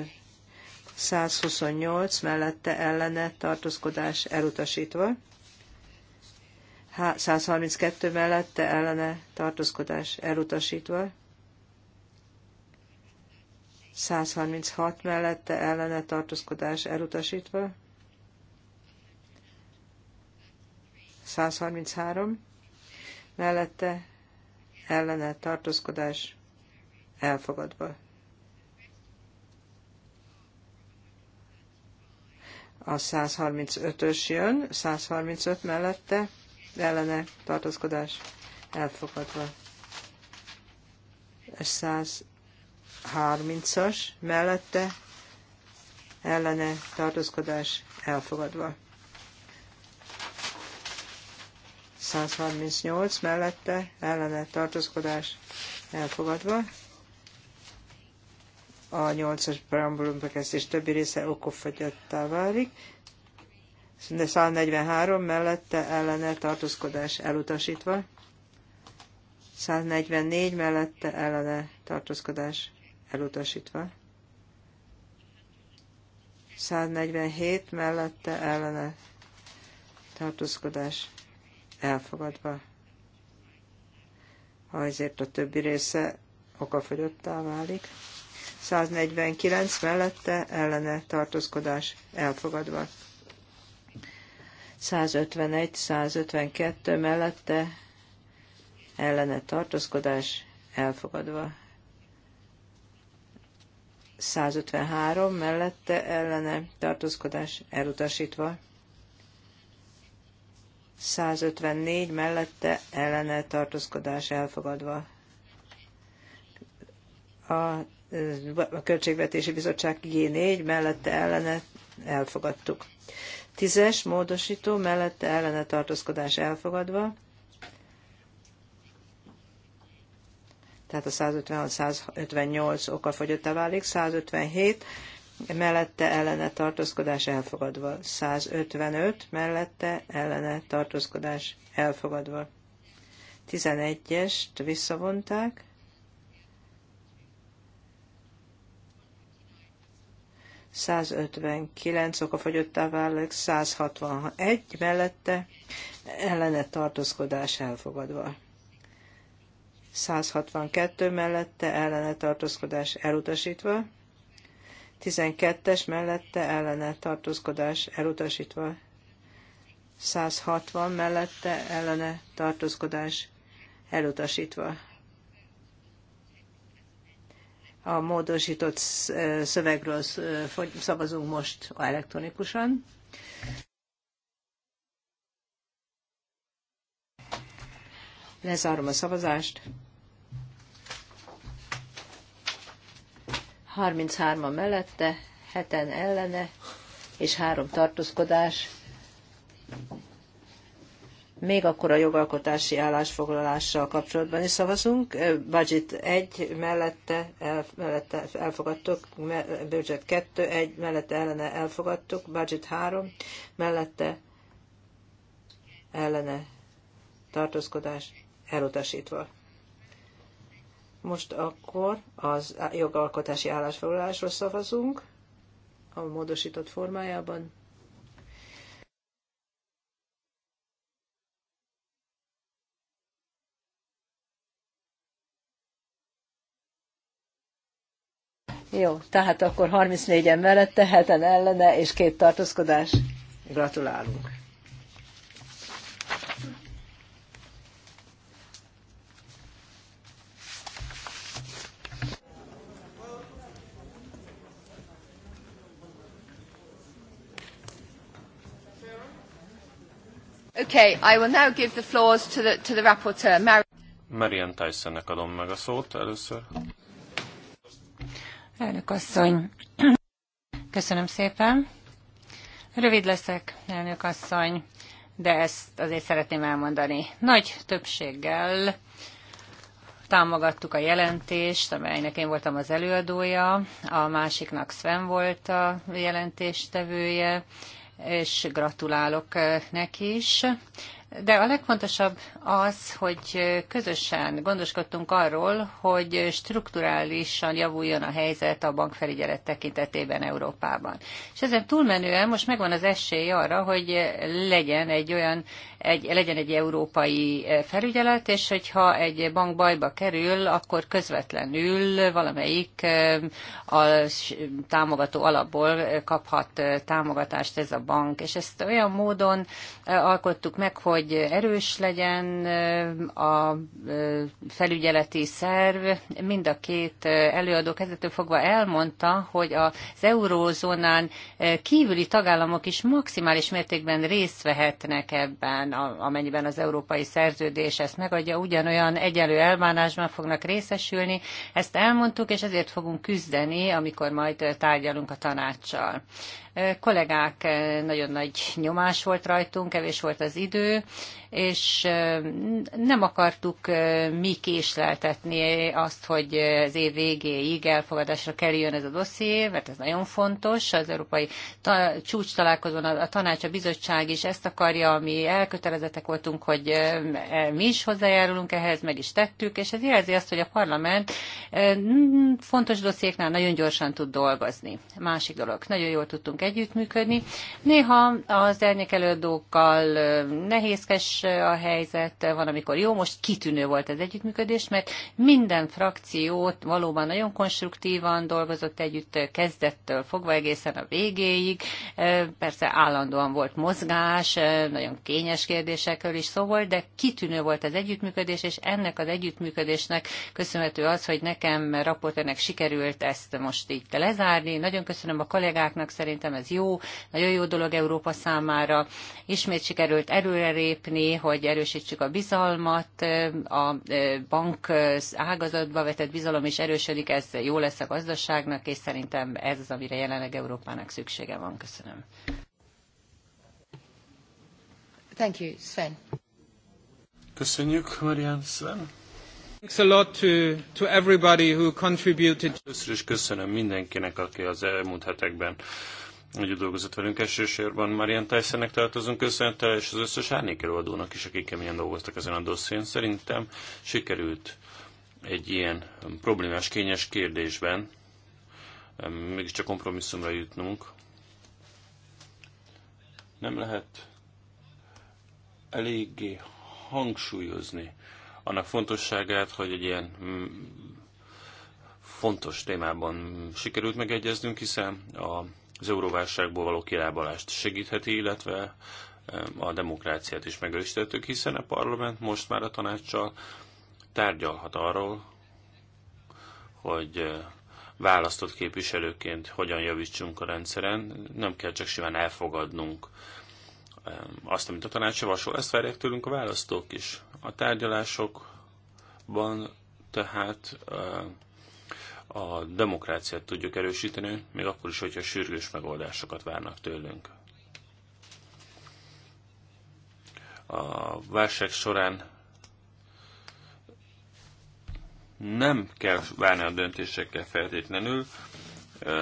128 mellette ellene tartózkodás elutasítva. 132 mellette ellene tartózkodás elutasítva. 136 mellette ellene tartózkodás elutasítva. 133 mellette ellene tartózkodás elfogadva. A 135-ös jön, 135 mellette ellene tartózkodás elfogadva. 130-as mellette ellene tartózkodás elfogadva. 138 mellette ellene tartózkodás elfogadva. A 8-as preambulum bekezdés többi része okofagyattá válik, 143 mellette ellene tartózkodás elutasítva. 144 mellette ellene tartózkodás elutasítva. 147 mellette ellene tartózkodás elfogadva. Ha ezért a többi része okafogyottá válik. 149 mellette ellene tartózkodás elfogadva. 151-152 mellette ellene tartózkodás elfogadva. 153 mellette ellene tartózkodás elutasítva. 154 mellette ellene tartózkodás elfogadva. A a Költségvetési Bizottság G4 mellette ellene elfogadtuk. Tízes módosító mellette ellene tartózkodás elfogadva. Tehát a 156-158 fogyottá válik. 157 mellette ellene tartózkodás elfogadva. 155 mellette ellene tartózkodás elfogadva. 11-est visszavonták. 159 fogyottá válik, 161 mellette ellene tartózkodás elfogadva. 162 mellette ellene tartózkodás elutasítva. 12-es mellette ellene tartózkodás elutasítva. 160 mellette ellene tartózkodás elutasítva. A módosított szövegről szavazunk most elektronikusan. Lezárom a szavazást. 33 a mellette, 7-en ellene, és három tartózkodás. Még akkor a jogalkotási állásfoglalással kapcsolatban is szavazunk. Budget 1 mellette, el, mellette elfogadtuk, budget 2, 1 mellette ellene elfogadtuk, budget 3 mellette ellene tartózkodás elutasítva. Most akkor az jogalkotási állásfoglalásról szavazunk a módosított formájában. Jó, tehát akkor 34-en mellette, 7-en ellene és két tartózkodás. Gratulálunk! Okay, I will now give the floors to the, to the rapporteur. Mar- Marian adom meg a szót először. Elnök asszony, köszönöm szépen. Rövid leszek, elnök asszony, de ezt azért szeretném elmondani. Nagy többséggel támogattuk a jelentést, amelynek én voltam az előadója, a másiknak Sven volt a jelentéstevője, és gratulálok eh, neki is. De a legfontosabb az, hogy közösen gondoskodtunk arról, hogy strukturálisan javuljon a helyzet a bankfelügyelet tekintetében Európában. És ezen túlmenően most megvan az esély arra, hogy legyen egy olyan, egy, legyen egy európai felügyelet, és hogyha egy bank bajba kerül, akkor közvetlenül valamelyik eh, a támogató alapból kaphat eh, támogatást ez a bank. És ezt olyan módon eh, alkottuk meg, hogy hogy erős legyen a felügyeleti szerv. Mind a két előadó kezdetől fogva elmondta, hogy az eurózónán kívüli tagállamok is maximális mértékben részt vehetnek ebben, amennyiben az európai szerződés ezt megadja, ugyanolyan egyenlő elvánásban fognak részesülni. Ezt elmondtuk, és ezért fogunk küzdeni, amikor majd tárgyalunk a tanácssal. Kollégák, nagyon nagy nyomás volt rajtunk, kevés volt az idő, és nem akartuk mi késleltetni azt, hogy az év végéig elfogadásra kerüljön ez a dosszié, mert ez nagyon fontos. Az Európai ta- Csúcs találkozón a tanács, a bizottság is ezt akarja, mi elkötelezettek voltunk, hogy e, mi is hozzájárulunk ehhez, meg is tettük, és ez jelzi azt, hogy a parlament fontos dossziéknál nagyon gyorsan tud dolgozni. Másik dolog, nagyon jól tudtunk együttműködni. Néha az elnyek nehézkes a helyzet, van, amikor jó, most kitűnő volt az együttműködés, mert minden frakciót valóban nagyon konstruktívan dolgozott együtt, kezdettől fogva egészen a végéig. Persze állandóan volt mozgás, nagyon kényes kérdésekről is szó volt, de kitűnő volt az együttműködés, és ennek az együttműködésnek köszönhető az, hogy nekem raportőrnek sikerült ezt most így lezárni. Nagyon köszönöm a kollégáknak, szerintem ez jó, nagyon jó dolog Európa számára. Ismét sikerült erőre előrelépni, hogy erősítsük a bizalmat, a bank ágazatba vetett bizalom is erősödik, ez jó lesz a gazdaságnak, és szerintem ez az, amire jelenleg Európának szüksége van. Köszönöm. Thank you, Sven. Köszönjük, Marian Sven. Thanks a lot to, to everybody who contributed. Köszönöm mindenkinek, aki az elmúlt hetekben Együtt dolgozott velünk elsősorban Marian Tyson-nek tartozunk köszönettel, és az összes árnyékelőadónak is, akik keményen dolgoztak ezen a dosszén. Szerintem sikerült egy ilyen problémás, kényes kérdésben mégiscsak kompromisszumra jutnunk. Nem lehet eléggé hangsúlyozni annak fontosságát, hogy egy ilyen mm, fontos témában sikerült megegyeznünk, hiszen a az euróválságból való kilábalást segítheti, illetve a demokráciát is megerősítettük, hiszen a parlament most már a tanácssal tárgyalhat arról, hogy eh, választott képviselőként hogyan javítsunk a rendszeren, nem kell csak simán elfogadnunk azt, amit a tanács javasol, ezt várják tőlünk a választók is. A tárgyalásokban tehát a demokráciát tudjuk erősíteni, még akkor is, hogyha sürgős megoldásokat várnak tőlünk. A válság során nem kell várni a döntésekkel feltétlenül,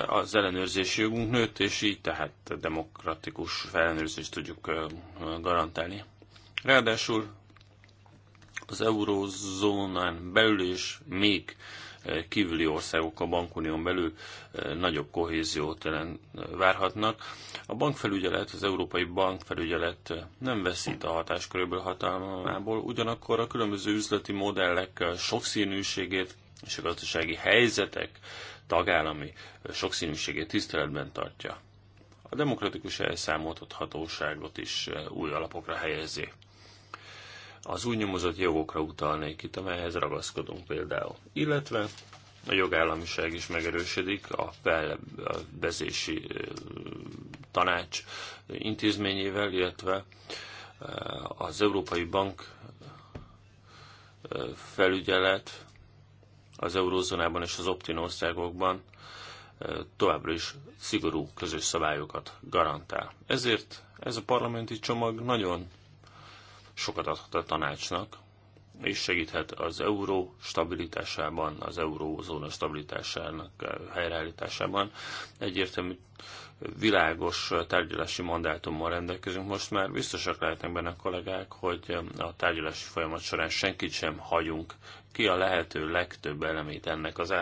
az ellenőrzési jogunk nőtt, és így tehát demokratikus ellenőrzést tudjuk garantálni. Ráadásul az eurózónán belül is még kívüli országok a bankunión belül eh, nagyobb kohéziót eh, várhatnak. A bankfelügyelet, az európai bankfelügyelet eh, nem veszít a hatásköréből hatalmából, ugyanakkor a különböző üzleti modellek sokszínűségét és a gazdasági helyzetek tagállami sokszínűségét tiszteletben tartja. A demokratikus elszámoltathatóságot is új alapokra helyezi az úgy nyomozott jogokra utalnék itt, amelyhez ragaszkodunk például. Illetve a jogállamiság is megerősödik, a felbezési tanács intézményével, illetve az Európai Bank felügyelet az eurózónában és az optin országokban továbbra is szigorú közös szabályokat garantál. Ezért ez a parlamenti csomag nagyon sokat adhat a tanácsnak, és segíthet az euró stabilitásában, az eurózóna stabilitásának eh, helyreállításában. Egyértelmű világos tárgyalási mandátummal rendelkezünk most már. Biztosak lehetnek benne a kollégák, hogy a tárgyalási folyamat során senkit sem hagyunk ki a lehető legtöbb elemét ennek az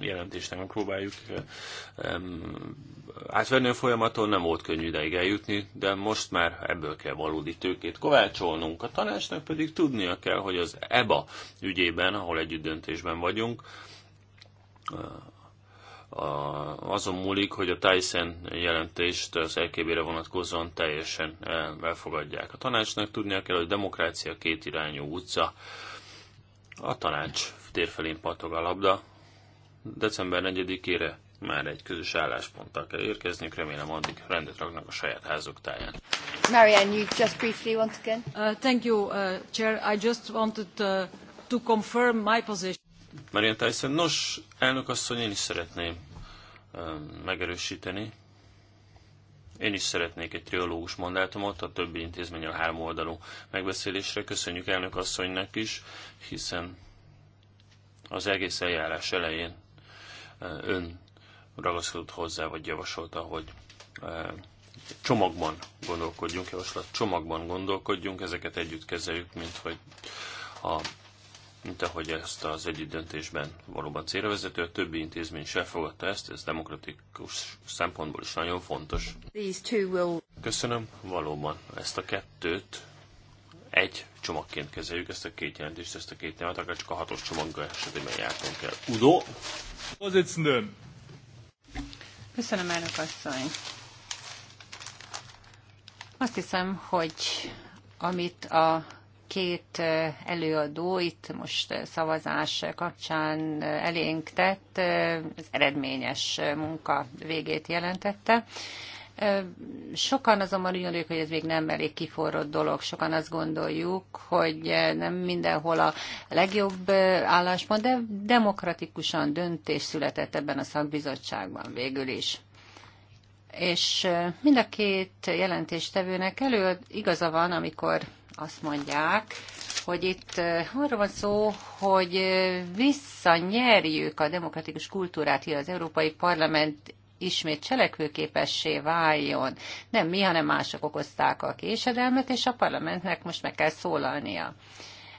jelentésnek, próbáljuk átvenni a folyamaton, nem volt könnyű ideig eljutni, de most már ebből kell valódi tőkét kovácsolnunk. A tanácsnak pedig tudnia kell, hogy az EBA ügyében, ahol együtt döntésben vagyunk, azon múlik, hogy a Tyson jelentést az LKB-re vonatkozóan teljesen eh, elfogadják. A tanácsnak tudnia kell, hogy a demokrácia két irányú utca, a tanács térfelén patog a labda. December 4-ére már egy közös állásponttal kell érkezniük, remélem addig rendet raknak a saját házuk táján. Marianne, you just briefly once again. Uh, thank you, uh, Chair. I just wanted uh, to confirm my position. Marianne Tyson, nos, elnök asszony, én is szeretném uh, megerősíteni én is szeretnék egy triológus mandátumot a többi intézménnyel három oldalú megbeszélésre. Köszönjük elnök asszonynak is, hiszen az egész eljárás elején e, ön ragaszkodott hozzá, vagy javasolta, hogy e, csomagban gondolkodjunk, javaslat csomagban gondolkodjunk, ezeket együtt kezeljük, mint hogy a mint ahogy ezt az egyik döntésben valóban célra vezető, a többi intézmény sem fogadta ezt, ez demokratikus szempontból is nagyon fontos. Köszönöm, valóban ezt a kettőt egy csomagként kezeljük, ezt a két jelentést, ezt a két témát, akár csak a hatos csomaggal esetében jártunk el. Udo! Köszönöm, elnök asszony! Azt hiszem, hogy amit a két előadó itt most szavazás kapcsán elénk tett, az eredményes munka végét jelentette. Sokan azonban úgy gondoljuk, hogy ez még nem elég kiforrott dolog. Sokan azt gondoljuk, hogy nem mindenhol a legjobb álláspont, de demokratikusan döntés született ebben a szakbizottságban végül is és mind a két jelentéstevőnek elő igaza van, amikor azt mondják, hogy itt arról van szó, hogy visszanyerjük a demokratikus kultúrát, hogy az Európai Parlament ismét cselekvőképessé váljon. Nem mi, hanem mások okozták a késedelmet, és a parlamentnek most meg kell szólalnia.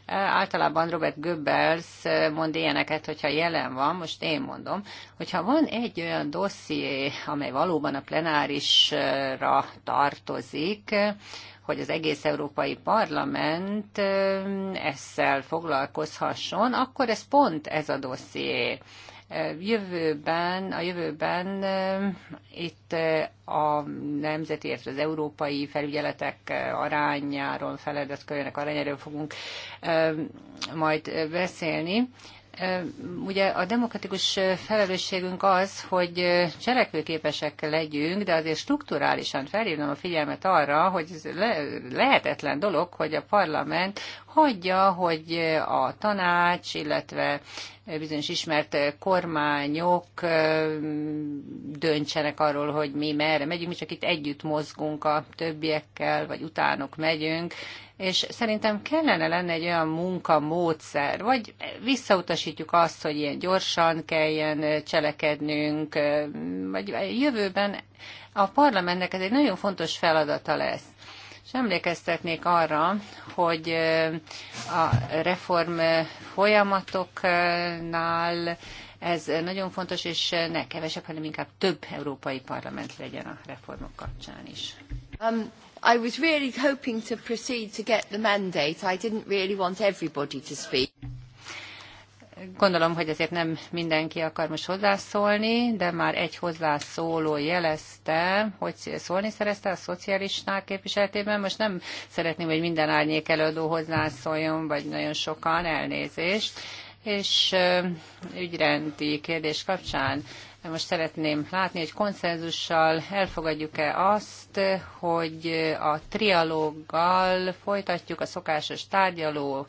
Általában Robert Goebbels mond ilyeneket, hogyha jelen van, most én mondom, hogyha van egy olyan dosszié, amely valóban a plenárisra tartozik, hogy az egész Európai Parlament ezzel foglalkozhasson, akkor ez pont ez a dosszié. Jövőben, a jövőben itt a nemzeti, illetve az európai felügyeletek arányáról, feladatkörönek arányáról fogunk majd beszélni, Ugye a demokratikus felelősségünk az, hogy cselekvőképesek legyünk, de azért strukturálisan felhívnom a figyelmet arra, hogy ez lehetetlen dolog, hogy a parlament hagyja, hogy a tanács, illetve bizonyos ismert kormányok döntsenek arról, hogy mi merre megyünk, mi csak itt együtt mozgunk a többiekkel, vagy utánok megyünk, és szerintem kellene lenne egy olyan munkamódszer, vagy visszautasítjuk azt, hogy ilyen gyorsan kelljen cselekednünk, vagy jövőben a parlamentnek ez egy nagyon fontos feladata lesz és emlékeztetnék arra, hogy a reform folyamatoknál ez nagyon fontos, és ne kevesebb, hanem inkább több európai parlament legyen a reformok kapcsán is. Um, I was really hoping to proceed to get the mandate. I didn't really want everybody to speak. Gondolom, hogy ezért nem mindenki akar most hozzászólni, de már egy hozzászóló jelezte, hogy szólni szerezte a szocialisták képviseletében. Most nem szeretném, hogy minden árnyék előadó hozzászóljon, vagy nagyon sokan elnézést és ügyrendi kérdés kapcsán most szeretném látni, hogy konszenzussal elfogadjuk-e azt, hogy a trialóggal folytatjuk, a szokásos tárgyaló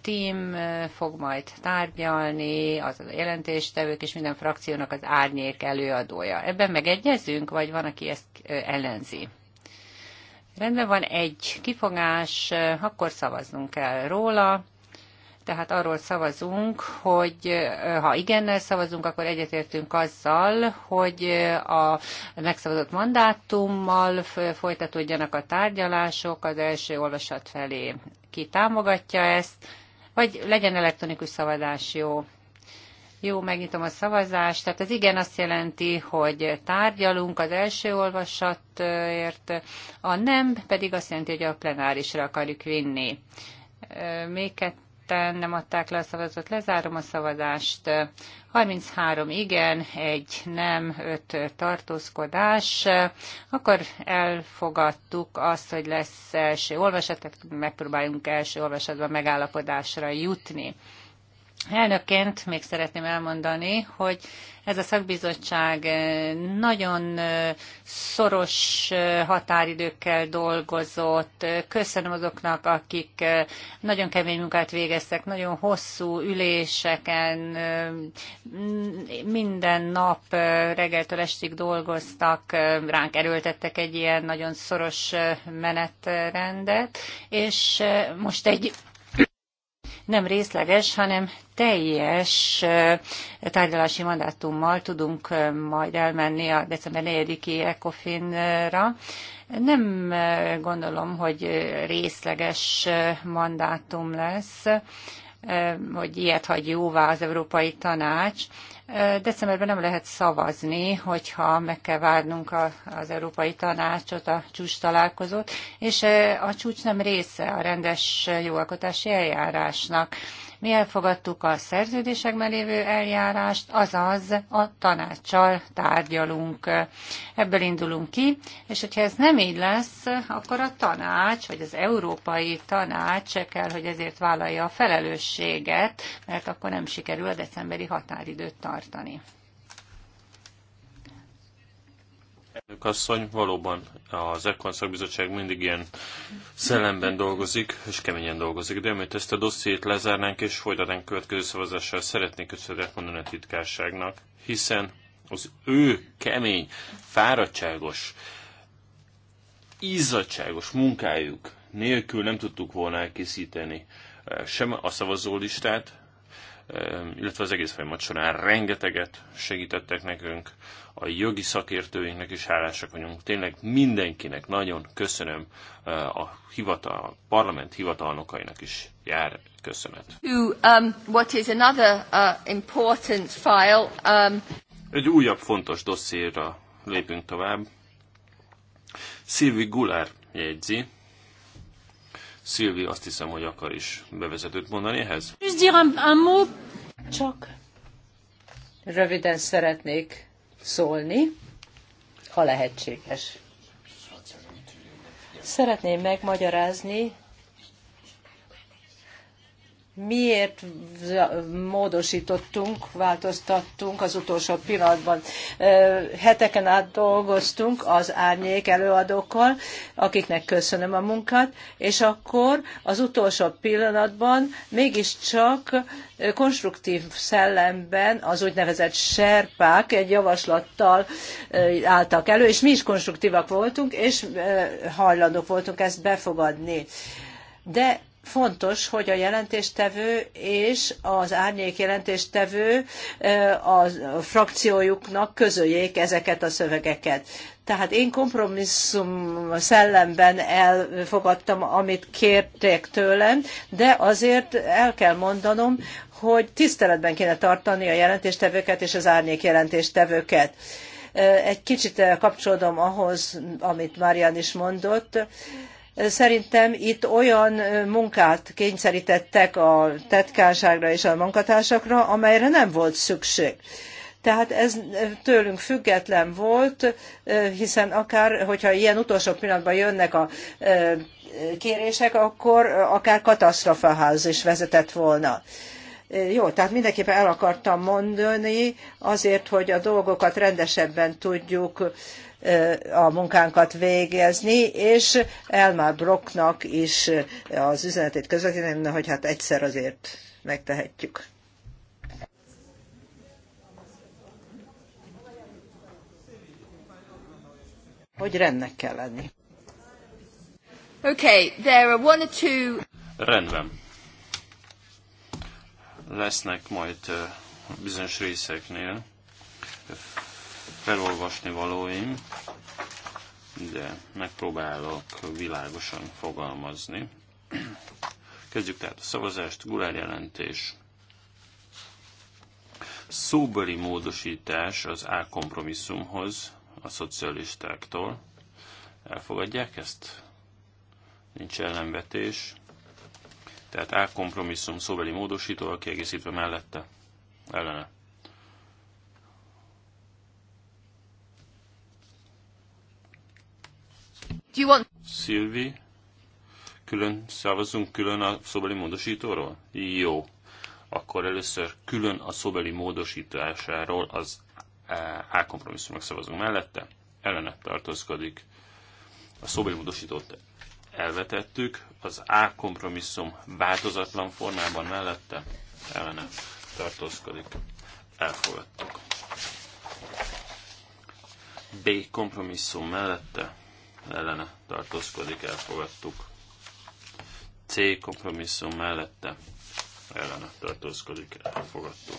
tím fog majd tárgyalni, az a jelentéstevők és minden frakciónak az árnyék előadója. Ebben megegyezünk, vagy van, aki ezt ellenzi? Rendben van egy kifogás, akkor szavaznunk kell róla tehát arról szavazunk, hogy ha igennel szavazunk, akkor egyetértünk azzal, hogy a megszavazott mandátummal folytatódjanak a tárgyalások az első olvasat felé. Ki támogatja ezt, vagy legyen elektronikus szavazás jó. Jó, megnyitom a szavazást. Tehát az igen azt jelenti, hogy tárgyalunk az első olvasatért, a nem pedig azt jelenti, hogy a plenárisra akarjuk vinni. Még kettő ketten nem adták le a szavazatot, lezárom a szavazást. 33 igen, egy nem, öt tartózkodás. Akkor elfogadtuk azt, hogy lesz első olvasat, tehát megpróbáljunk első olvasatban megállapodásra jutni. Elnökként még szeretném elmondani, hogy ez a szakbizottság eh, nagyon eh, szoros eh, határidőkkel dolgozott. Köszönöm azoknak, akik nagyon kemény munkát végeztek, nagyon hosszú üléseken, minden nap reggeltől estig dolgoztak, ránk erőltettek egy ilyen nagyon szoros menetrendet, és most egy nem részleges, hanem teljes tárgyalási mandátummal tudunk majd elmenni a december 4-i ECOFIN-ra. Nem gondolom, hogy részleges mandátum lesz hogy ilyet hagy jóvá az Európai Tanács. Decemberben nem lehet szavazni, hogyha meg kell várnunk az Európai Tanácsot, a csúcs találkozót, és a csúcs nem része a rendes jogalkotási eljárásnak. Mi elfogadtuk a szerződésekben lévő eljárást, azaz a tanácssal tárgyalunk. Ebből indulunk ki, és hogyha ez nem így lesz, akkor a tanács, vagy az Európai Tanács kell, hogy ezért vállalja a felelősséget, mert akkor nem sikerül a decemberi határidőt tartani. elnök asszony, valóban az Ekkon szakbizottság mindig ilyen szellemben dolgozik, és keményen dolgozik, de amit ezt a dossziét lezárnánk és folytatnánk következő szavazással, szeretnék köszönetet mondani a titkárságnak, hiszen az ő kemény, fáradtságos, izzadságos munkájuk nélkül nem tudtuk volna elkészíteni eh, sem a szavazólistát, illetve az egész folyamat során rengeteget segítettek nekünk, a jogi szakértőinknek is hálásak vagyunk. Tényleg mindenkinek nagyon köszönöm e, a, hivatal, a parlament hivatalnokainak is jár köszönet. To, um, what is another, uh, important file, um... Egy újabb fontos dossziéra lépünk tovább. Szilvi Gulár jegyzi, Szilvi azt hiszem, hogy akar is bevezetőt mondani ehhez. Csak röviden szeretnék szólni, ha lehetséges. Szeretném megmagyarázni, miért módosítottunk, változtattunk az utolsó pillanatban. Heteken át dolgoztunk az árnyék előadókkal, akiknek köszönöm a munkát, és akkor az utolsó pillanatban mégiscsak konstruktív szellemben az úgynevezett serpák egy javaslattal álltak elő, és mi is konstruktívak voltunk, és hajlandók voltunk ezt befogadni. De fontos, hogy a jelentéstevő és az árnyék jelentéstevő a frakciójuknak közöljék ezeket a szövegeket. Tehát én kompromisszum szellemben elfogadtam, amit kértek tőlem, de azért el kell mondanom, hogy tiszteletben kéne tartani a jelentéstevőket és az árnyék jelentéstevőket. Egy kicsit kapcsolódom ahhoz, amit Marian is mondott Szerintem itt olyan munkát kényszerítettek a tetkánságra és a munkatársakra, amelyre nem volt szükség. Tehát ez tőlünk független volt, hiszen akár, hogyha ilyen utolsó pillanatban jönnek a kérések, akkor akár katasztrofához is vezetett volna. Jó, tehát mindenképpen el akartam mondani, azért, hogy a dolgokat rendesebben tudjuk a munkánkat végezni, és Elmar Brocknak is az üzenetét közvetíteni, hogy hát egyszer azért megtehetjük. Hogy rendnek kell lenni. Okay, there are one or two... Rendben. Lesznek majd bizonyos részeknél felolvasni valóim, de megpróbálok világosan fogalmazni. Kezdjük tehát a szavazást, Gulár jelentés. Szóbeli módosítás az A kompromisszumhoz a szocialistáktól. Elfogadják ezt? Nincs ellenvetés. Tehát A kompromisszum szóbeli a kiegészítve mellette. Ellene you want... Szilvi, külön szavazunk külön a szóbeli módosítóról? Jó. Akkor először külön a szóbeli módosításáról az A kompromisszumnak szavazunk mellette. Ellene tartozkodik A szóbeli módosítót elvetettük. Az A kompromisszum változatlan formában mellette ellene tartózkodik. Elfogadtuk. B kompromisszum mellette ellene tartózkodik, elfogadtuk. C kompromisszum mellette ellene tartózkodik, elfogadtuk.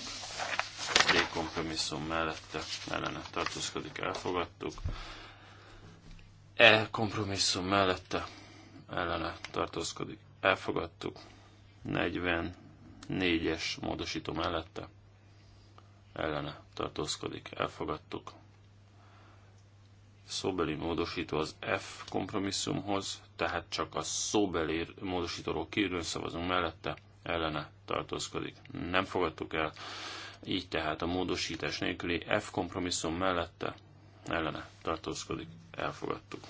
D kompromisszum mellette ellene tartózkodik, elfogadtuk. E kompromisszum mellette ellene tartózkodik, elfogadtuk. 44-es módosító mellette ellene tartózkodik, elfogadtuk szóbeli módosító az F kompromisszumhoz, tehát csak a szóbeli módosítóról kívül szavazunk mellette, ellene tartózkodik. Nem fogadtuk el, így tehát a módosítás nélküli F kompromisszum mellette, ellene tartózkodik. Elfogadtuk.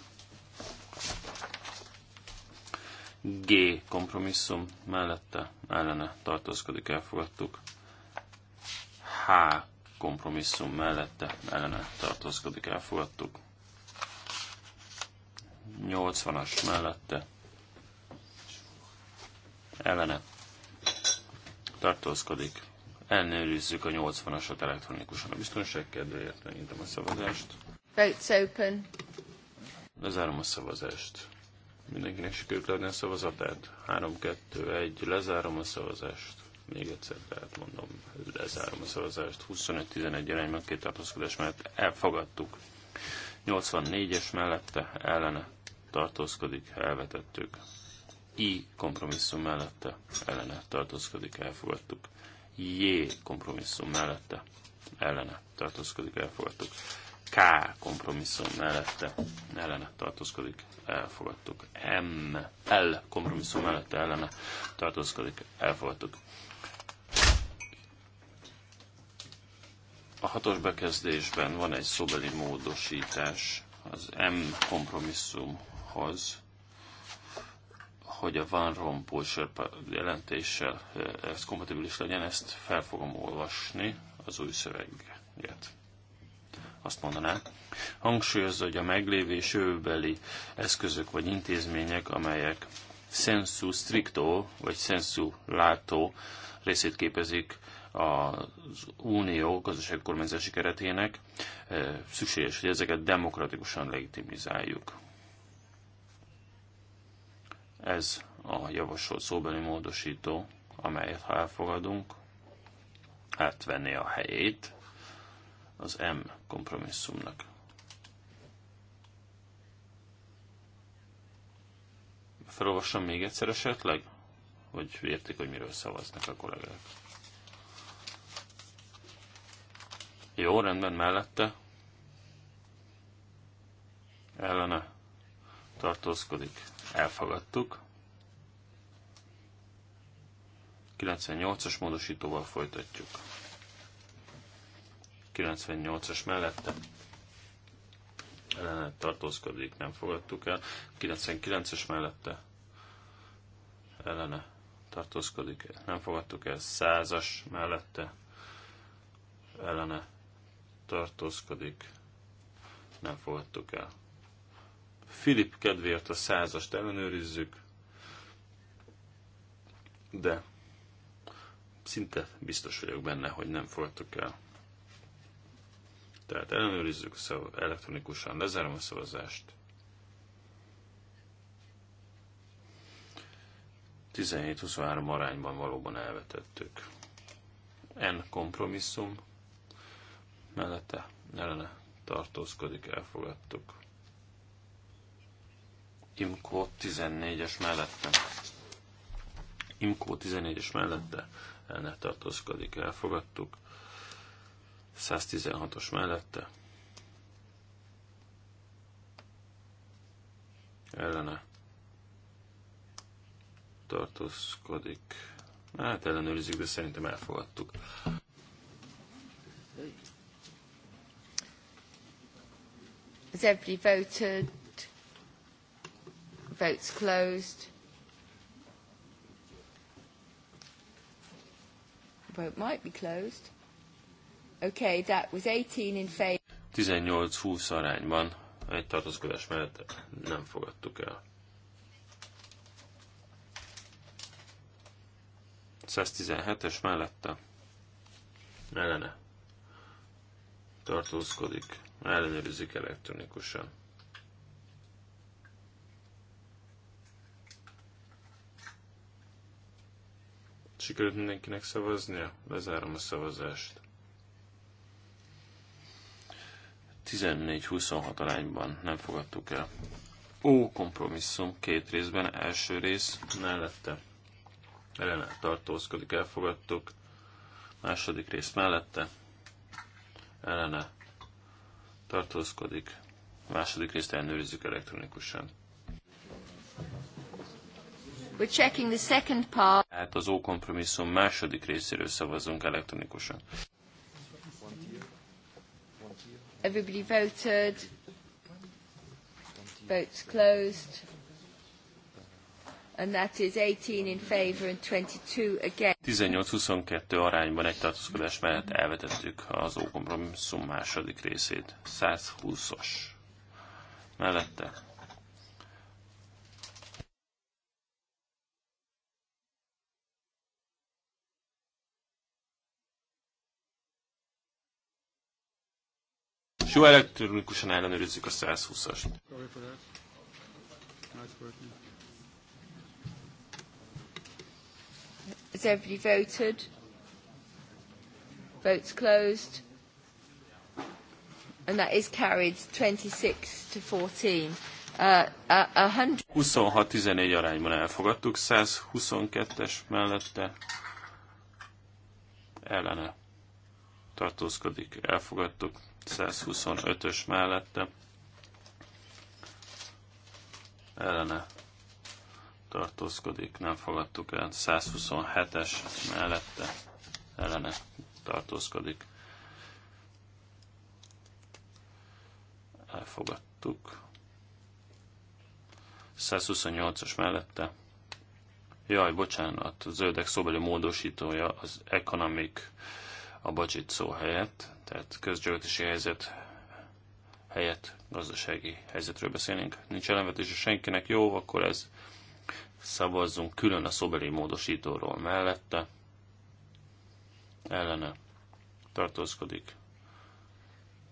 G kompromisszum mellette, ellene tartózkodik. Elfogadtuk. H kompromisszum mellette, ellene tartózkodik. Elfogadtuk. 80-as mellette Elene tartózkodik. Ellenőrizzük a 80-asat elektronikusan a biztonság kedvéért. Megnyitom a szavazást. Votes open. Lezárom a szavazást. Mindenkinek sikerült leadni a szavazatát. 3-2-1, lezárom a szavazást. Még egyszer, tehát mondom, lezárom a szavazást. 25-11 arányban két tartózkodás mellett elfogadtuk. 84-es mellette ellene tartózkodik, elvetettük. I kompromisszum mellette ellene tartózkodik, elfogadtuk. J kompromisszum mellette ellene tartózkodik, elfogadtuk. K kompromisszum mellette ellene tartózkodik, elfogadtuk. M, L kompromisszum mellette ellene tartózkodik, elfogadtuk. A hatos bekezdésben van egy szobeli módosítás az M kompromisszum ahhoz, hogy a Van Rompuy jelentéssel eh, ez kompatibilis legyen, ezt fel fogom olvasni az új szöveget. Azt mondaná, hangsúlyozza, hogy a meglévő és jövőbeli eszközök vagy intézmények, amelyek sensu stricto vagy sensu lato részét képezik az unió gazdasági kormányzási keretének, eh, szükséges, hogy ezeket demokratikusan legitimizáljuk. Ez a javasolt szóbeli módosító, amelyet ha elfogadunk, átvenné a helyét az M kompromisszumnak. Felolvassam még egyszer esetleg, hogy értik, hogy miről szavaznak a kollégák. Jó, rendben, mellette. Ellene tartózkodik, elfogadtuk. 98-as módosítóval folytatjuk. 98-as mellette ellenet tartózkodik, nem fogadtuk el. 99-es mellette ellene tartózkodik, nem fogadtuk el. 100-as mellette ellene tartózkodik, nem fogadtuk el. Filip kedvéért a százast ellenőrizzük, de szinte biztos vagyok benne, hogy nem fogadtuk el. Tehát ellenőrizzük, szóval elektronikusan lezárom a szavazást. 17-23 arányban valóban elvetettük. N kompromisszum mellette ellene tartózkodik, elfogadtuk. Imkó 14-es mellette. Imkó 14-es mellette el ne tartózkodik, elfogadtuk. 116-os mellette. Ellene tartózkodik. Hát ellenőrizzük, de szerintem elfogadtuk. Has everybody voted? Votes closed. Vote might be closed. Okay, that was 18 in favor. 18-20 arányban egy tartózkodás mellett nem fogadtuk el. 117-es mellette ellene tartózkodik, ellenőrizik elektronikusan. Sikerült mindenkinek szavaznia? Lezárom a szavazást. 14-26 arányban nem fogadtuk el. Ó, kompromisszum, két részben, első rész, mellette Ellen tartózkodik, elfogadtuk. Második rész mellette, ellene tartózkodik. Második részt ellenőrizzük elektronikusan. We're checking the second part. Hát az ókompromisszum második részéről szavazunk elektronikusan. Everybody voted. Votes closed. And that is 18 in favor and 22 against. 18-22 arányban egy tartózkodás mellett elvetettük az ókompromisszum második részét. 120-os. Mellette Jó, elektronikusan ellenőrizzük a 120-ast. Has everybody voted? Votes closed. And that is carried 26 to 14. Uh, uh, 26-14 arányban elfogadtuk, 122-es mellette ellene tartózkodik, elfogadtuk. 125-ös mellette ellene tartózkodik, nem fogadtuk el. 127-es mellette ellene tartózkodik. Elfogadtuk. 128-as mellette. Jaj, bocsánat, zöldek szóbeli módosítója az economic a budget szó helyett. Tehát közgyűlési helyzet helyett gazdasági helyzetről beszélünk. Nincs és senkinek, jó, akkor ez szavazzunk külön a szobeli módosítóról mellette. Ellene tartózkodik.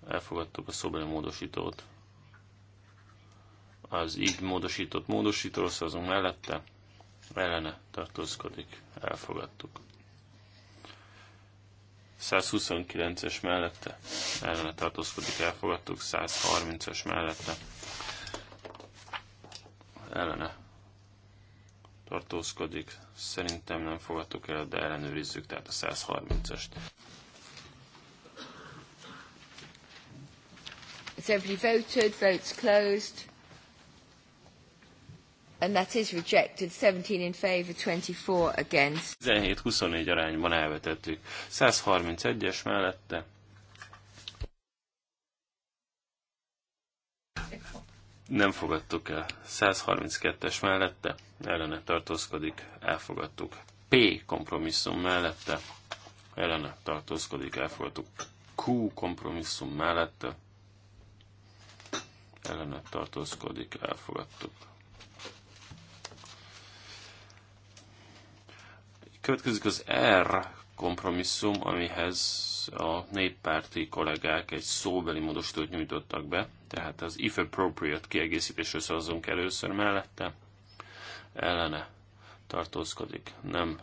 Elfogadtuk a szobeli módosítót. Az így módosított módosítóról szavazunk mellette. Ellene tartózkodik. Elfogadtuk. 129-es mellette ellene tartózkodik, elfogadtuk, 130 es mellette ellene tartózkodik, szerintem nem fogadtuk el, de ellenőrizzük, tehát a 130-est. It's everybody voted, votes closed and that is rejected. 17 in favor, 24 against. 17-24 arányban elvetettük. 131-es mellette. Nem fogadtuk el. 132-es mellette ellene tartózkodik, elfogadtuk. P kompromisszum mellette ellene tartózkodik, elfogadtuk. Q kompromisszum mellette ellene tartózkodik, elfogadtuk. Következik az R kompromisszum, amihez a néppárti kollégák egy szóbeli módosítót nyújtottak be, tehát az if appropriate kiegészítésről szavazunk először mellette, ellene tartózkodik. Nem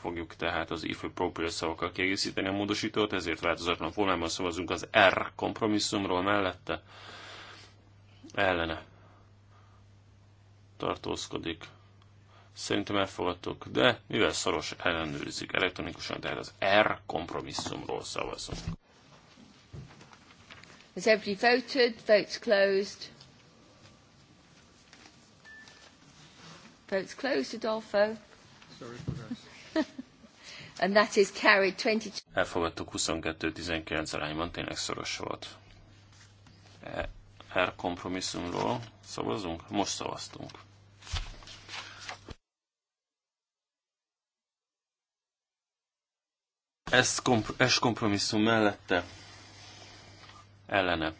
fogjuk tehát az if appropriate szavakkal kiegészíteni a módosítót, ezért változatlan formában szavazunk az R kompromisszumról mellette, ellene tartózkodik. Szerintem elfogadtuk, de mivel szoros ellenőrizik elektronikusan, tehát az R kompromisszumról szavazunk. Has everybody voted? Votes closed. Votes closed, Adolfo. Sorry [LAUGHS] for And that is carried 22. Elfogadtuk 22-19 arányban, tényleg szoros volt. E- R kompromisszumról szavazunk? Most szavaztunk. Ez, komp- ez kompromisszum mellette ellene.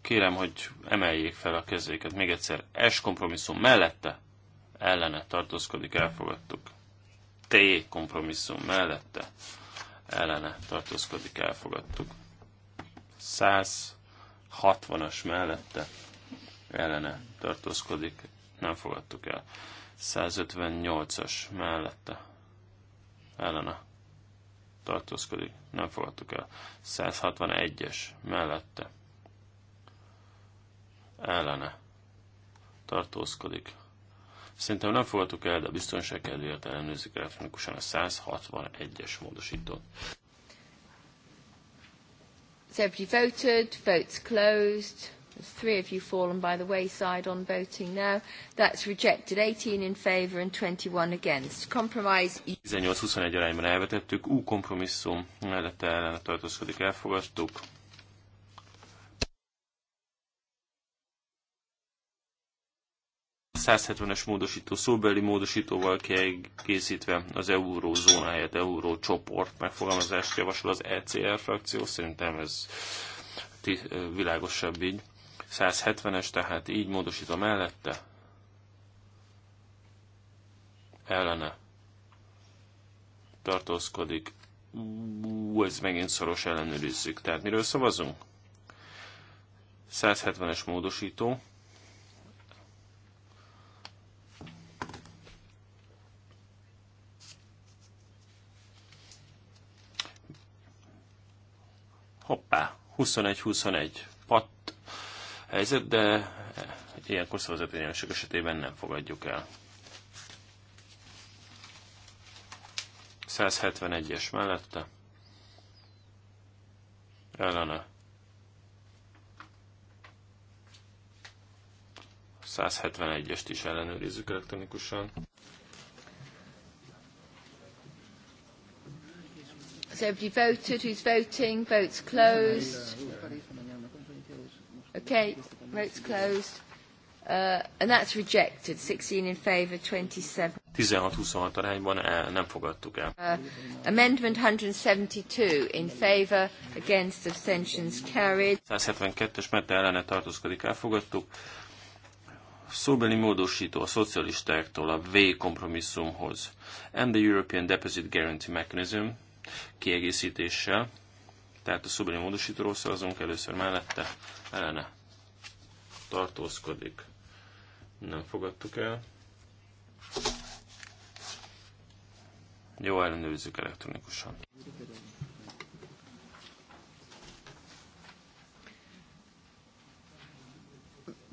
Kérem, hogy emeljék fel a kezéket. Még egyszer, S kompromisszum mellette ellene tartózkodik, elfogadtuk. T kompromisszum mellette ellene tartózkodik, elfogadtuk. 160-as mellette ellene tartózkodik, nem fogadtuk el. 158-as mellette ellene tartózkodik, nem fogadtuk el. 161-es mellette ellene tartózkodik. Szerintem nem fogadtuk el, de biztonság kedvéért ellenőrzik elektronikusan a 161-es módosítót. So voted, votes closed. There's three of you fallen by the wayside on voting now. That's rejected. 18 in favour and 21 against. Compromise... 18-21 e. arányban elvetettük. Ú, kompromisszum mellette ellene tartózkodik. Elfogadtuk. A 170-es módosító szóbeli módosítóval kiegészítve az eurózóna helyett eurócsoport megfogalmazást javasol az ECR frakció. Szerintem ez világosabb így. 170-es, tehát így módosítva mellette, ellene tartózkodik. Ú, ez megint szoros ellenőrizzük. Tehát miről szavazunk? 170-es módosító. Hoppá, 21-21. Pat helyzet, de ilyenkor szavazatvényelősök esetében nem fogadjuk el. 171-es mellette ellene 171-est is ellenőrizzük elektronikusan. Has everybody voted? Who's voting? Votes closed. Okay, votes closed. Uh, and that's rejected. 16 in favour, 27. 16-26 arányban el, eh, nem fogadtuk el. Uh, amendment 172 in favour, against abstentions carried. 172-es mette ellene tartózkodik, elfogadtuk. Szóbeli módosító a szocialistáktól a V kompromisszumhoz. And the European Deposit Guarantee Mechanism kiegészítéssel tehát a szobori módosítóról szavazunk először mellette, ellene tartózkodik. Nem fogadtuk el. Jó, ellenőrizzük elektronikusan.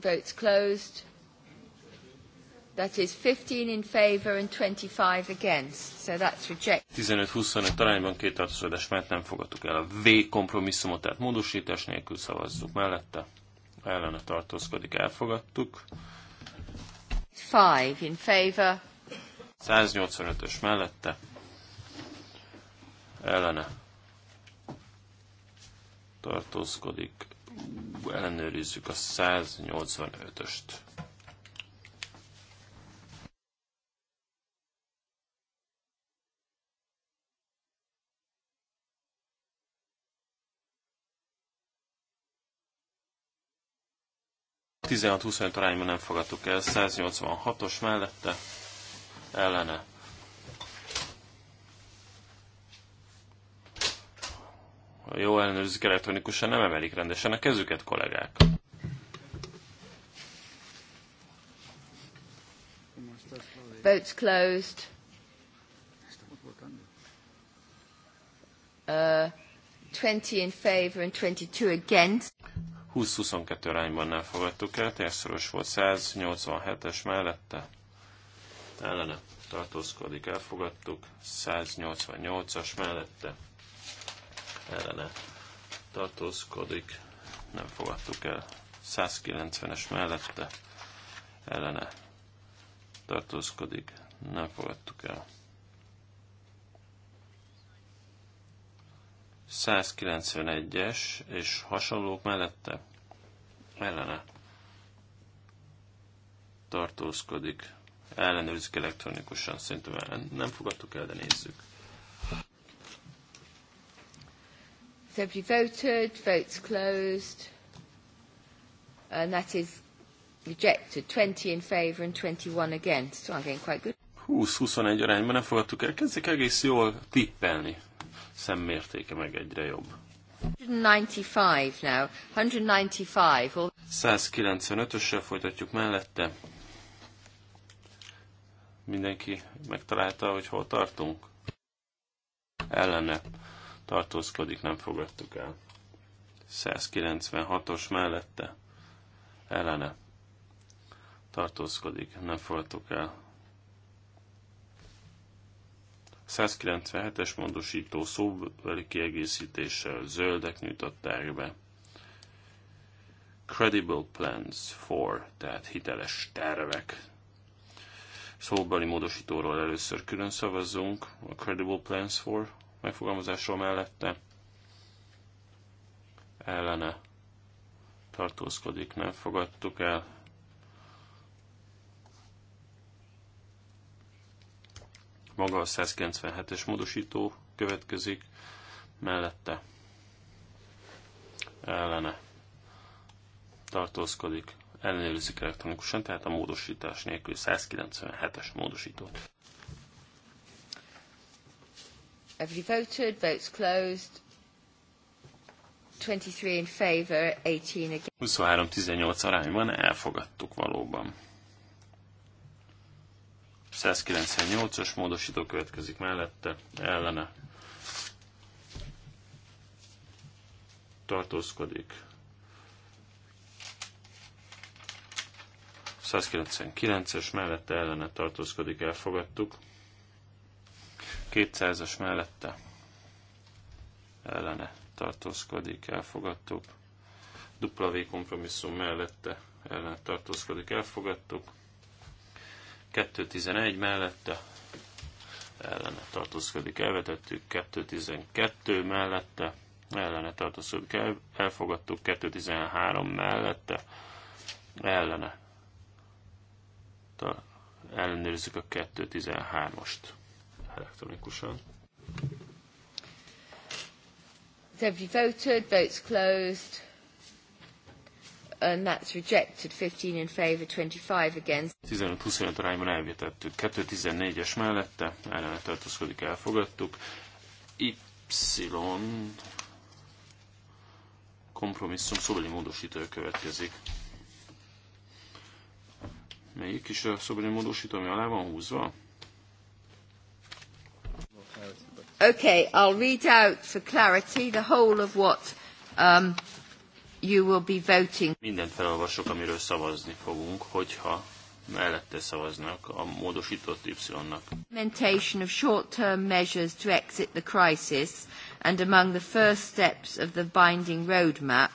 Votes closed. That is 15 in favor and 25 against. So that's rejected. 15-25 talányban két tartozódás, mert nem fogadtuk el a V kompromisszumot, tehát módosítás nélkül szavazzuk mellette. Ellene tartózkodik, elfogadtuk. 5 in favor. 185-ös mellette. Ellene tartózkodik. Ellenőrizzük a 185-öst. 16-25 arányban nem fogadtuk el, 186-os mellette ellene. Ha jó ellenőrzik elektronikusan, nem emelik rendesen a kezüket, kollégák. Votes closed. Uh, 20 in favor and 22 against. 20-22 arányban fogadtuk el, térszoros volt 187-es mellette, ellene tartózkodik, elfogadtuk, 188-as mellette, ellene tartózkodik, nem fogadtuk el, 190-es mellette, ellene tartózkodik, nem fogadtuk el. 191-es és hasonlók mellette ellene tartózkodik. ellenőrzik elektronikusan, szerintem ellen. nem fogadtuk el, de nézzük. Have you voted? Votes closed. And that is rejected. 20 in favour and 21 against. So I'm getting quite good. 20-21 arányban nem fogadtuk el. Kezdjük egész jól tippelni szemmértéke meg egyre jobb. 195 now. 195. 195-össel folytatjuk mellette. Mindenki megtalálta, hogy hol tartunk? Ellene tartózkodik, nem fogadtuk el. 196-os mellette. Ellene tartózkodik, nem fogadtuk el. 197-es módosító szóbeli kiegészítéssel zöldek nyújtották be. Credible plans for, tehát hiteles tervek. Szóbeli módosítóról először külön szavazzunk, a credible plans for megfogalmazásról mellette. Ellene tartózkodik, nem fogadtuk el maga a 197-es módosító következik, mellette ellene tartózkodik, ellenőrizik elektronikusan, tehát a módosítás nélkül 197-es módosítót. Every voted? Votes closed. 23 in favor, 18 against. 23-18 arányban elfogadtuk valóban. 198-as módosító következik mellette, ellene tartózkodik. 199-es mellette ellene tartózkodik, elfogadtuk. 200-as mellette ellene tartózkodik, elfogadtuk. W kompromisszum mellette ellene tartózkodik, elfogadtuk. 2.11 mellette ellene tartózkodik, elvetettük 2.12 mellette ellene tartózkodik, el, elfogadtuk 2.13 mellette ellene ellenőrizzük a 2.13-ost elektronikusan. Every voted? Votes closed and that's rejected 15 in favor 25 against 15-25 arányban elvetettük 2-14-es mellette ellenet tartózkodik elfogadtuk Y kompromisszum szobeli módosítója következik melyik is a szobeli módosító ami alá van húzva Okay, I'll read out for clarity the whole of what um, you will be voting. Mindent felolvasok, amiről szavazni fogunk, hogyha mellette szavaznak a módosított Y-nak. Implementation of short-term measures to exit the crisis and among the first steps of the binding roadmap,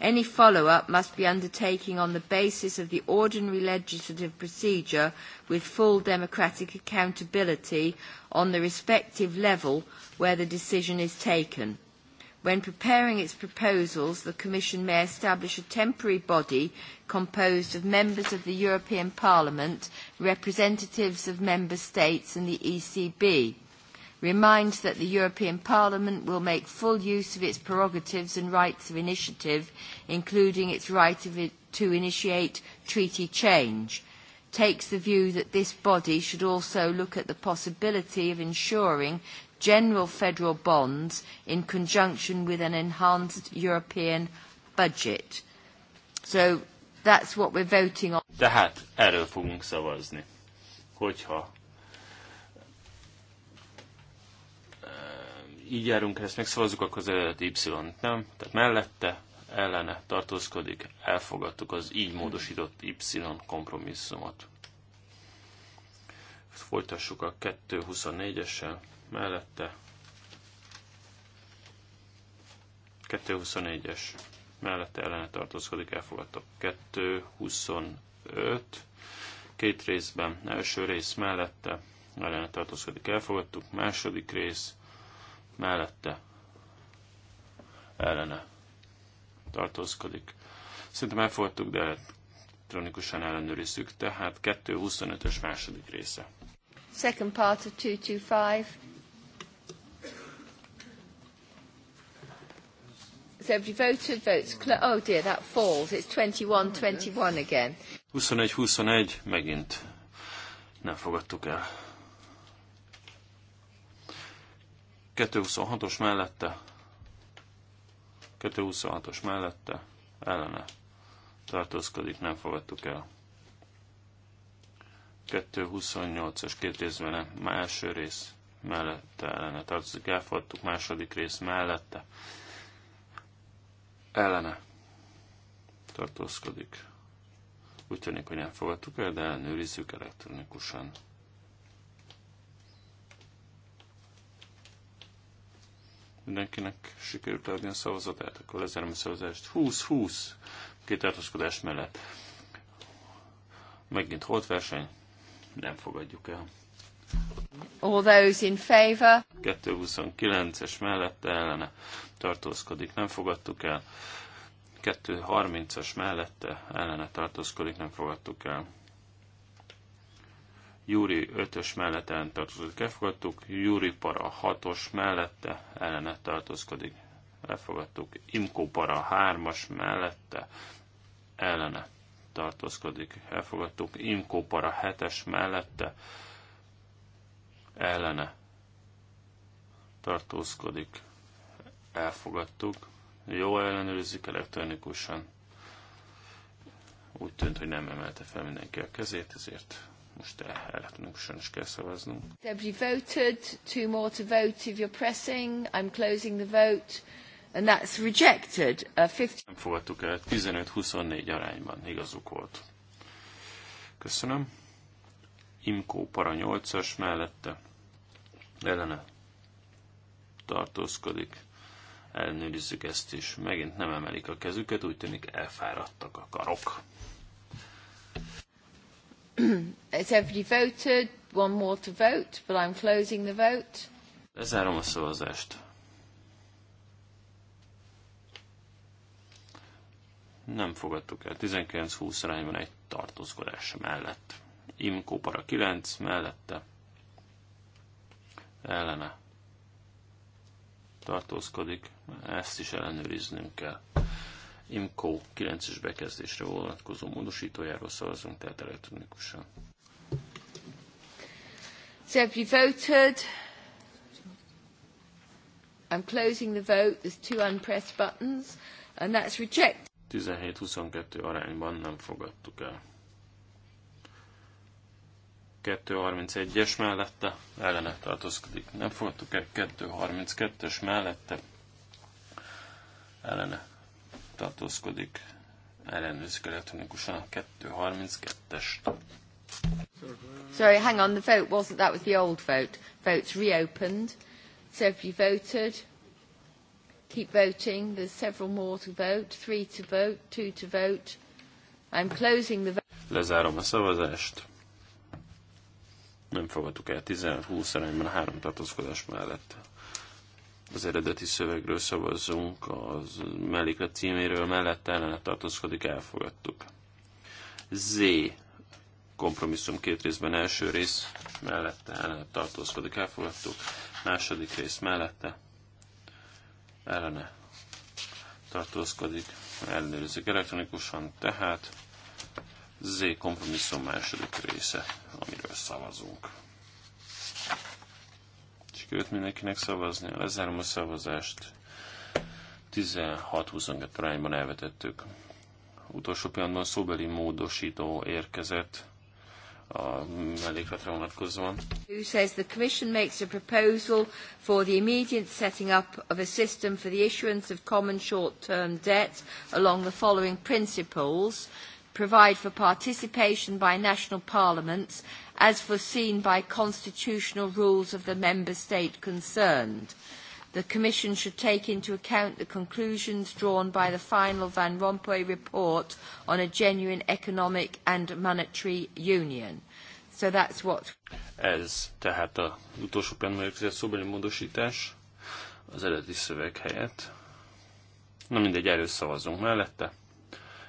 any follow-up must be undertaken on the basis of the ordinary legislative procedure with full democratic accountability on the respective level where the decision is taken. When preparing its proposals, the Commission may establish a temporary body composed of members of the European Parliament, representatives of Member States and the ECB. Reminds that the European Parliament will make full use of its prerogatives and rights of initiative, including its right of it to initiate treaty change takes the view that this body should also look at the possibility of ensuring general federal bonds in conjunction with an enhanced European budget. So that's what we're voting on. Tehát erről fogunk szavazni, hogyha eh, így járunk, ezt megszavazzuk, akkor az eredeti y t nem, tehát mellette ellene tartózkodik, elfogadtuk az így módosított Y kompromisszumot. Folytassuk a 224-essel mellette. 224-es mellette ellene tartózkodik, elfogadtok. 225 két részben, első rész mellette ellene tartózkodik, elfogadtuk. Második rész mellette ellene tartózkodik. Szerintem elfogadtuk, de elektronikusan ellenőrizzük, tehát 2.25-ös második része. Second part of 225. So you voted? Votes oh dear, that falls. It's 21-21 again. 21-21 megint. Nem fogadtuk el. 226-os mellette. 226-os mellette. Ellene. Tartózkodik, nem fogadtuk el. 228-as két részben nem. Első rész mellette ellene tartozik, elfogadtuk. Második rész mellette ellene tartózkodik. Úgy tűnik, hogy nem fogadtuk el, de ellenőrizzük elektronikusan. Mindenkinek sikerült adni a szavazatát, akkor lezárom a szavazást. 20-20 két tartózkodás mellett. Megint holt verseny, nem fogadjuk el. All those in favor. 229-es mellette ellene tartózkodik, nem fogadtuk el. 230-as mellette ellene tartózkodik, nem fogadtuk el. Júri 5-ös mellette ellen tartózkodik, elfogadtuk. Júri para 6-os mellette ellene tartózkodik, elfogadtuk. Imkó para 3-as mellette ellene tartózkodik, elfogadtuk. Imkó para 7-es mellette ellene tartózkodik. Elfogadtuk. Jó, ellenőrizzük elektronikusan. Úgy tűnt, hogy nem emelte fel mindenki a kezét, ezért most elektronikusan is kell szavaznunk. you voted, two more to vote if you're pressing. I'm closing the vote. And that's rejected. A 50... Nem fogadtuk el, 15-24 arányban igazuk volt. Köszönöm. Imkó para 8-as mellette ellene tartózkodik. Ellenőrizzük ezt is. Megint nem emelik a kezüket, úgy tűnik elfáradtak a karok. Is [CLEARS THROAT] everybody voted? One more to vote, but I'm closing the vote. Lezárom a szavazást. Nem fogadtuk el. 19-20 arányban egy tartózkodás mellett. Imkópara 9 mellette ellene tartózkodik, ezt is ellenőriznünk kell. IMCO 9-es bekezdésre vonatkozó módosítójáról szavazunk, tehát elektronikusan. So you voted? I'm closing the vote. There's two unpressed buttons, and that's rejected. 17-22 arányban nem fogadtuk el. 231-es mellette ellene tartózkodik. Nem fogadtuk el 232-es mellette ellene tartózkodik. Ellenőrzik elektronikusan a 232-est. Sorry, hang on, the vote wasn't, that was the old vote. Vote's reopened. So if you voted, keep voting. There's several more to vote, three to vote, two to vote. I'm closing the vote. Lezárom a szavazást nem fogadtuk el 15-20 arányban három tartózkodás mellett. Az eredeti szövegről szavazzunk, az melléklet címéről mellett ellene tartózkodik, elfogadtuk. Z kompromisszum két részben első rész mellette ellene tartózkodik, elfogadtuk, második rész mellette ellene tartózkodik, ellenőrizik elektronikusan, tehát Z kompromisszum második része, amiről szavazunk. Sikerült mindenkinek szavazni, lezárom a szavazást. 16-22 arányban elvetettük. Utolsó pillanatban szóbeli módosító érkezett a mellékletre vonatkozóan. Who says the Commission makes a proposal for the immediate setting up of a system for the issuance of common short-term debt along the following principles – provide for participation by national parliaments as foreseen by constitutional rules of the member state concerned. The Commission should take into account the conclusions drawn by the final Van Rompuy report on a genuine economic and monetary union. So that's what... Ez tehát a utolsó penmelőkezett szóbeli módosítás az eredeti szöveg helyett. Na mindegy, erről szavazunk mellette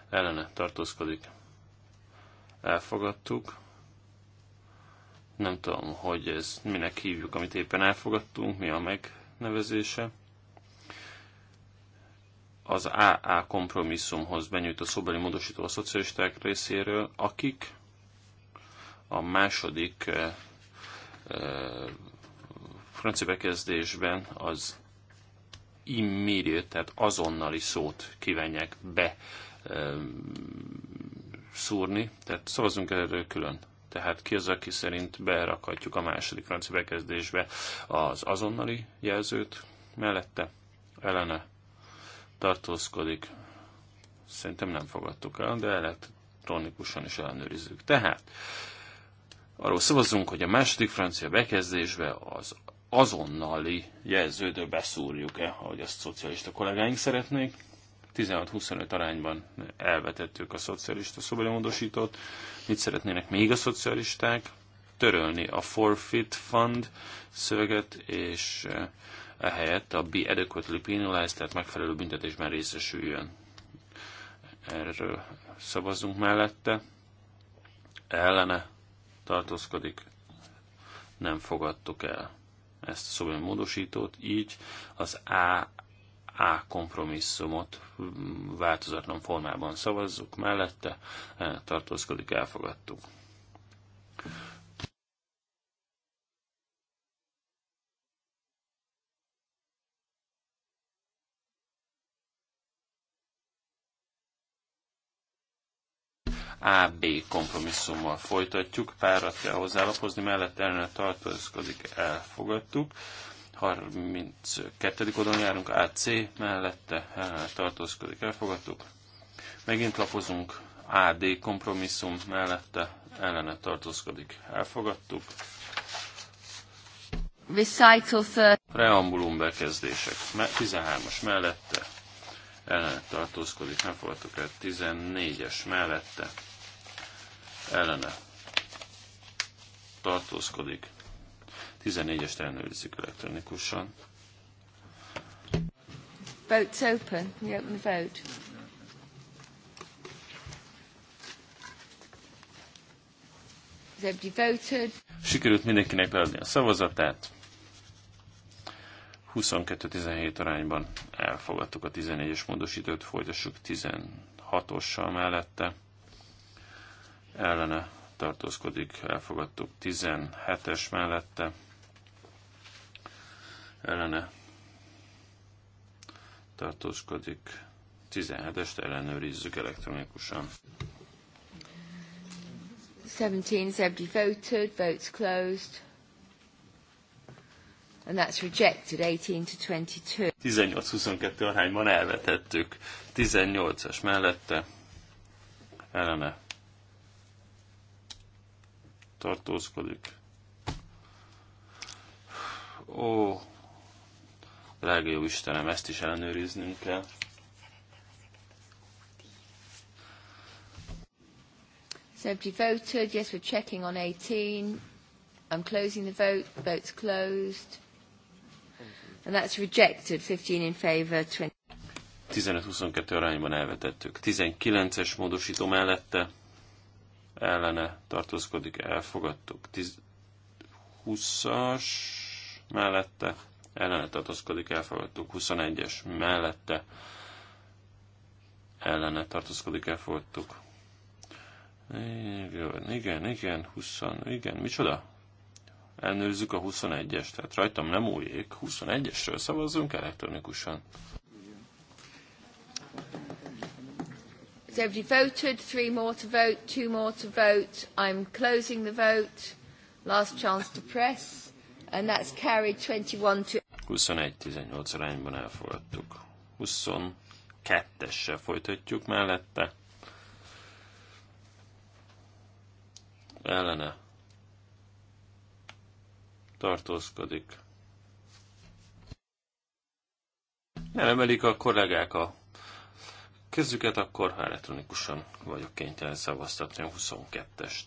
ellene tartózkodik. Elfogadtuk. Nem tudom, hogy ez minek hívjuk, amit éppen elfogadtunk, mi a megnevezése. Az AA kompromisszumhoz benyújt a szobeli módosító a szocialisták részéről, akik a második eh, eh, francia bekezdésben az immediate, tehát azonnali szót kívánják be szúrni, tehát szavazunk erről külön. Tehát ki az, aki szerint berakhatjuk a második francia bekezdésbe az azonnali jelzőt mellette, ellene tartózkodik. Szerintem nem fogadtuk el, de elektronikusan is ellenőrizzük. Tehát arról szavazunk, hogy a második francia bekezdésbe az azonnali jelződő beszúrjuk-e, ahogy ezt szocialista kollégáink szeretnék. 16-25 arányban elvetettük a szocialista szobelemódosítót. Mit szeretnének még a szocialisták? Törölni a forfeit fund szöveget, és eh, ehelyett a be adequately penalized, tehát megfelelő büntetésben részesüljön. Erről szavazzunk mellette. Ellene tartózkodik. Nem fogadtuk el ezt a módosítót, így az A a kompromisszumot változatlan formában szavazzuk, mellette e, tartózkodik, elfogadtuk. AB kompromisszummal folytatjuk, párat kell hozzálapozni, mellett ellene tartózkodik, elfogadtuk. 32. oldalon járunk, AC mellette tartózkodik, elfogadtuk. Megint lapozunk, AD kompromisszum mellette ellene tartózkodik, elfogadtuk. Recital Preambulum bekezdések. 13-as mellette ellene tartózkodik, elfogadtuk el. 14-es mellette ellene tartózkodik. 14-est ellenőrizzük elektronikusan. Vote's open. We open the vote. Has everybody voted? Sikerült mindenkinek beadni a szavazatát. 22-17 arányban elfogadtuk a 14-es módosítót, folytassuk 16-ossal mellette. Ellene tartózkodik, elfogadtuk 17-es mellette ellene tartózkodik. 17-est ellenőrizzük elektronikusan. 1770 voted, votes closed. And that's rejected 18 22. arányban elvetettük. 18-as mellette ellene tartózkodik. Ó, Drága jó Istenem, ezt is ellenőriznünk kell. So Nobody voted. Yes, we're checking on 18. I'm closing the vote. the Vote's closed. And that's rejected. 15 in favor, 20. 15-22 arányban elvetettük. 19-es módosító mellette ellene tartózkodik, elfogadtuk. 20-as mellette ellene tartózkodik, elfogadtuk. 21-es mellette ellene tartózkodik, elfogadtuk. Igen, igen, igen, 20, igen, micsoda? Elnőrzzük a 21-est, tehát rajtam nem újék, 21-esről szavazzunk elektronikusan. Has everybody voted? Three more to vote, two more to vote. I'm closing the vote. Last chance to press. And that's carried 21 to... 21-18 arányban elfogadtuk. 22-essel folytatjuk mellette. Ellene tartózkodik. Nem emelik a kollégák a kezüket, akkor elektronikusan vagyok kénytelen szavaztatni a 22-est.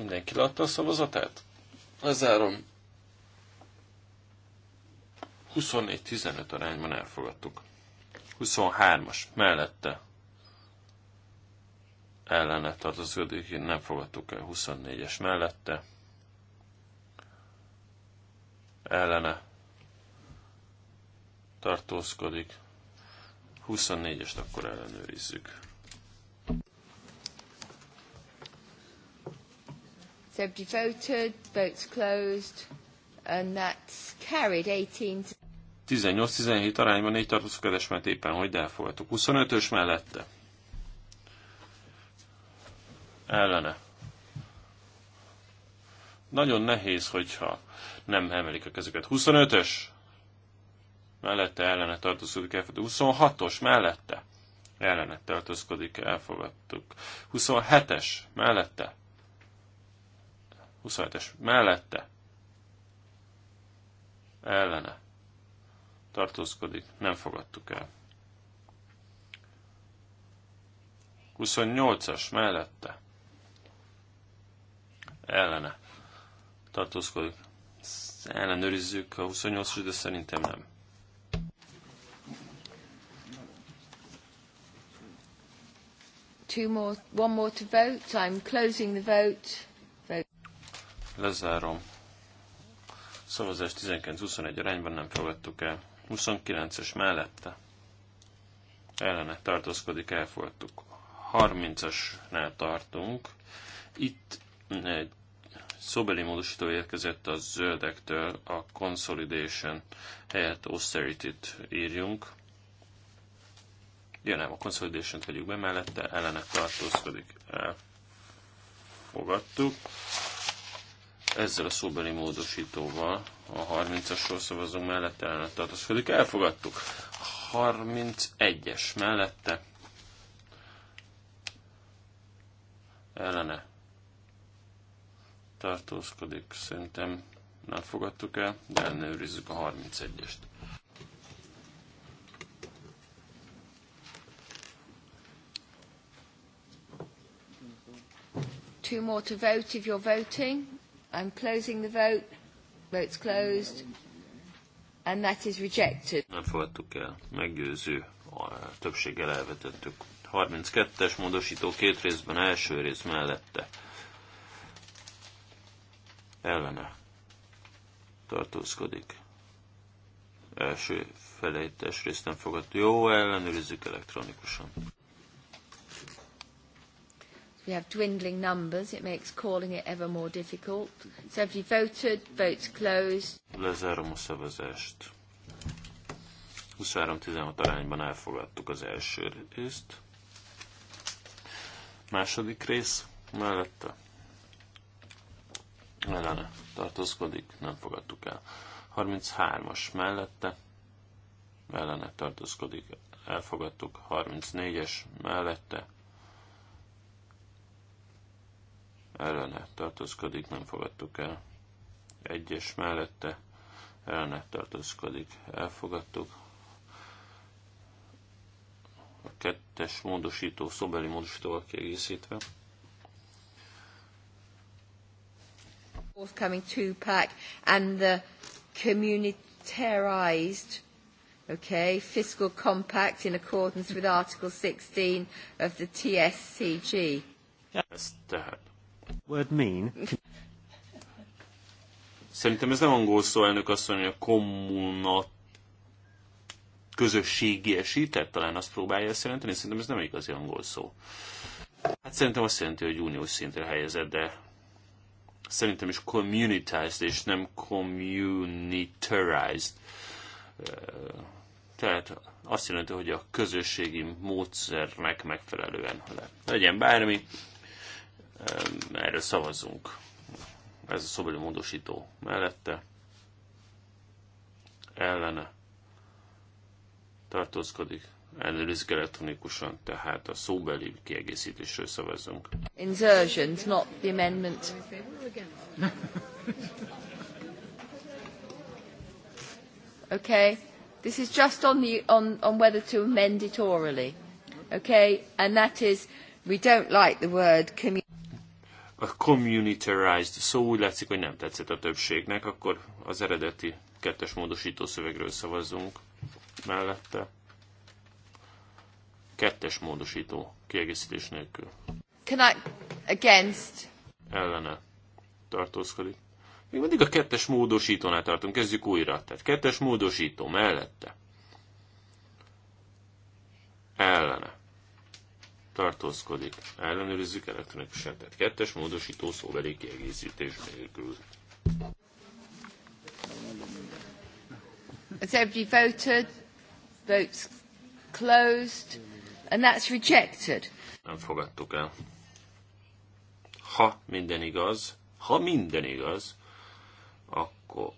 Mindenki látta a szavazatát? Lezárom. 24-15 arányban elfogadtuk. 23-as mellette ellene tartozkodik, nem fogadtuk el 24-es mellette. Ellene tartózkodik. 24-est akkor ellenőrizzük. So voted, votes closed, and that's carried 18 to... 18-17 arányban négy tartózkodás, mert éppen hogy elfogadtuk. 25-ös mellette. Ellene. Nagyon nehéz, hogyha nem emelik a kezüket. 25-ös mellette ellene tartózkodik, elfogadtuk. 26-os mellette ellene tartózkodik, elfogadtuk. 27-es mellette 27-es mellette ellene tartózkodik, nem fogadtuk el. 28-as mellette ellene tartózkodik. Ellenőrizzük a 28-as, de szerintem nem. Two more, one more to vote. I'm closing the vote. Lezárom. Szavazás 19-21 arányban nem fogadtuk el. 29-es mellette. Ellene tartózkodik, elfogadtuk. 30-asnál tartunk. Itt egy szobeli módosító érkezett a zöldektől, a consolidation helyett austerity-t írjunk. Ja nem, a consolidation-t vegyük be mellette, ellene tartózkodik. Elfogadtuk ezzel a szóbeli módosítóval, a 30-asról szavazunk mellette, ellenet tartozkodik. elfogadtuk. 31-es mellette, ellene tartózkodik, szerintem nem fogadtuk el, de ellenőrizzük a 31-est. Two more to vote if you're voting. I'm closing the vote. Vote's closed. And that is rejected. Nem fogadtuk el. Meggyőző. A többséggel elvetettük. 32-es módosító két részben első rész mellette. Ellene. Tartózkodik. Első felejtes részt nem fogadtuk. Jó, ellenőrizzük elektronikusan. We have dwindling numbers. It makes calling it ever more difficult. So if you voted, votes closed. Lezárom a szavazást. 23-16 arányban elfogadtuk az első részt. Második rész mellette ellene tartózkodik, nem fogadtuk el. 33-as mellette ellene tartózkodik, elfogadtuk. 34-es mellette ellene tartózkodik, nem fogadtuk el. Egyes mellette ellene tartózkodik, elfogadtuk. A kettes módosító, szobeli módosítóval kiegészítve. Forthcoming two-pack and the communitarized okay, fiscal compact in accordance with Article 16 of the TSCG. Yes, tehát Word mean? Szerintem ez nem angol szó, elnök asszony, hogy a kommunat közösségiesített, talán azt próbálja ezt jelenteni, szerintem ez nem egy igazi angol szó. Hát szerintem azt jelenti, hogy uniós szintre helyezett, de szerintem is communitized és nem communitarized. Tehát azt jelenti, hogy a közösségi módszernek megfelelően le. legyen bármi, erről szavazzunk. Ez a szobeli módosító mellette, ellene tartózkodik, ellenőrizzük elektronikusan, tehát a szóbeli kiegészítésről szavazzunk. Insertions, not the amendment. okay, this is just on, the, on, on whether to amend it orally. Okay, and that is, we don't like the word community a communitarized szó úgy látszik, hogy nem tetszett a többségnek, akkor az eredeti kettes módosító szövegről szavazzunk mellette. Kettes módosító kiegészítés nélkül. Can I... against? Ellene tartózkodik. Még mindig a kettes módosítónál tartunk, kezdjük újra. Tehát kettes módosító mellette. Ellene tartózkodik. Ellenőrizzük elektronikusan, tehát kettes módosító szóbeli kiegészítés nélkül. Has everybody voted? Votes closed. And that's rejected. Nem fogadtuk el. Ha minden igaz, ha minden igaz, akkor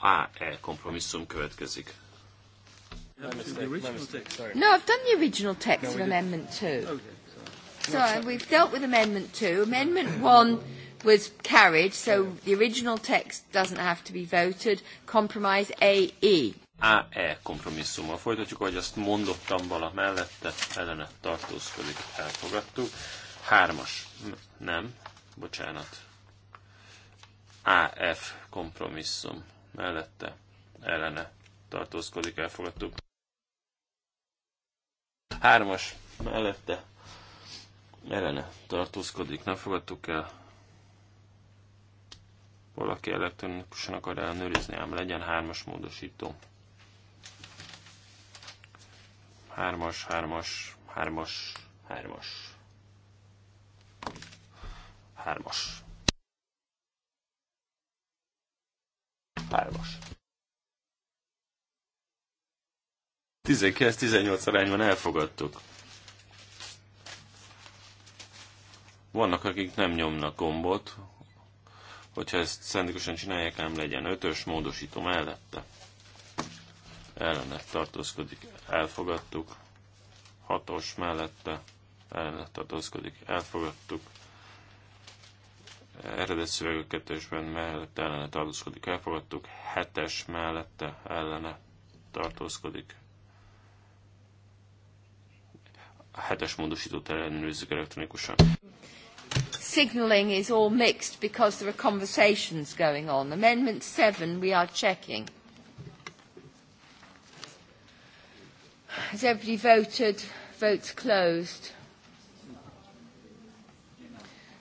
AE kompromisszum következik. Sorry. no, I've done the original text no, of Amendment 2. Okay, sorry. So we've dealt with Amendment 2. Amendment 1 was carried, so the original text doesn't have to be voted. Compromise AE. AE kompromisszummal folytatjuk, ahogy azt mondottam vala mellette, ellene tartózkodik, elfogadtuk. Hármas, nem, bocsánat. AF kompromisszum mellette, ellene tartózkodik, elfogadtuk. Hármas mellette ellene tartózkodik, nem fogadtuk el. Valaki elektronikusan akar ellenőrizni, ám legyen hármas módosító. Hármas, hármas, hármas, hármas. Hármas. Hármas. 19-18 arányban elfogadtuk. Vannak, akik nem nyomnak gombot, hogyha ezt szándékosan csinálják, ám legyen ötös módosító mellette. Ellenet tartózkodik, elfogadtuk. Hatos mellette, ellenet tartózkodik, elfogadtuk. Eredet szöveg kettősben mellette ellenet tartózkodik, elfogadtuk. Hetes mellette ellene tartózkodik, A hetes módosítót ellenőrizzük elektronikusan. Signaling is all mixed because there are conversations going on. Amendment 7 we are checking. Has everybody voted? Votes closed.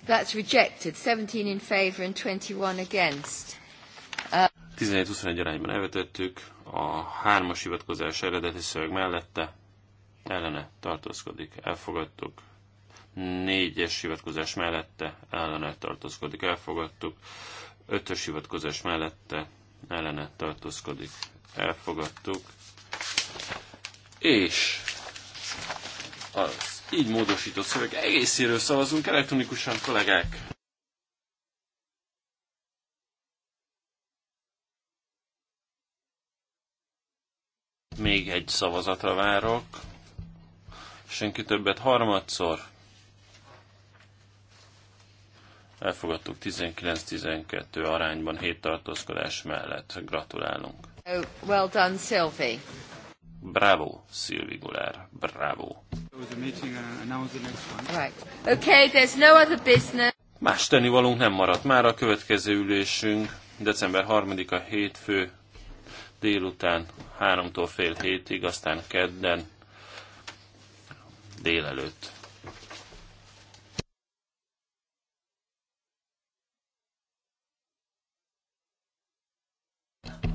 That's rejected. 17 in favour and 21 against. Uh... 17-21 arányban elvetettük. A hármas hivatkozás eredeti szöveg mellette ellene tartózkodik, elfogadtuk. Négyes hivatkozás mellette ellene tartózkodik, elfogadtuk. Ötös hivatkozás mellette ellene tartózkodik, elfogadtuk. És az így módosított szöveg egészéről szavazunk elektronikusan, kollégák! Még egy szavazatra várok senki többet harmadszor. Elfogadtuk 19-12 arányban hét tartózkodás mellett. Gratulálunk. Oh, well done, Sylvie. Bravo, Sylvie Goulart. Bravo. Uh, right. Okay, there's no other business. Más tennivalónk nem maradt már a következő ülésünk. December 3-a hétfő délután 3-tól fél hétig, aztán kedden délelőtt.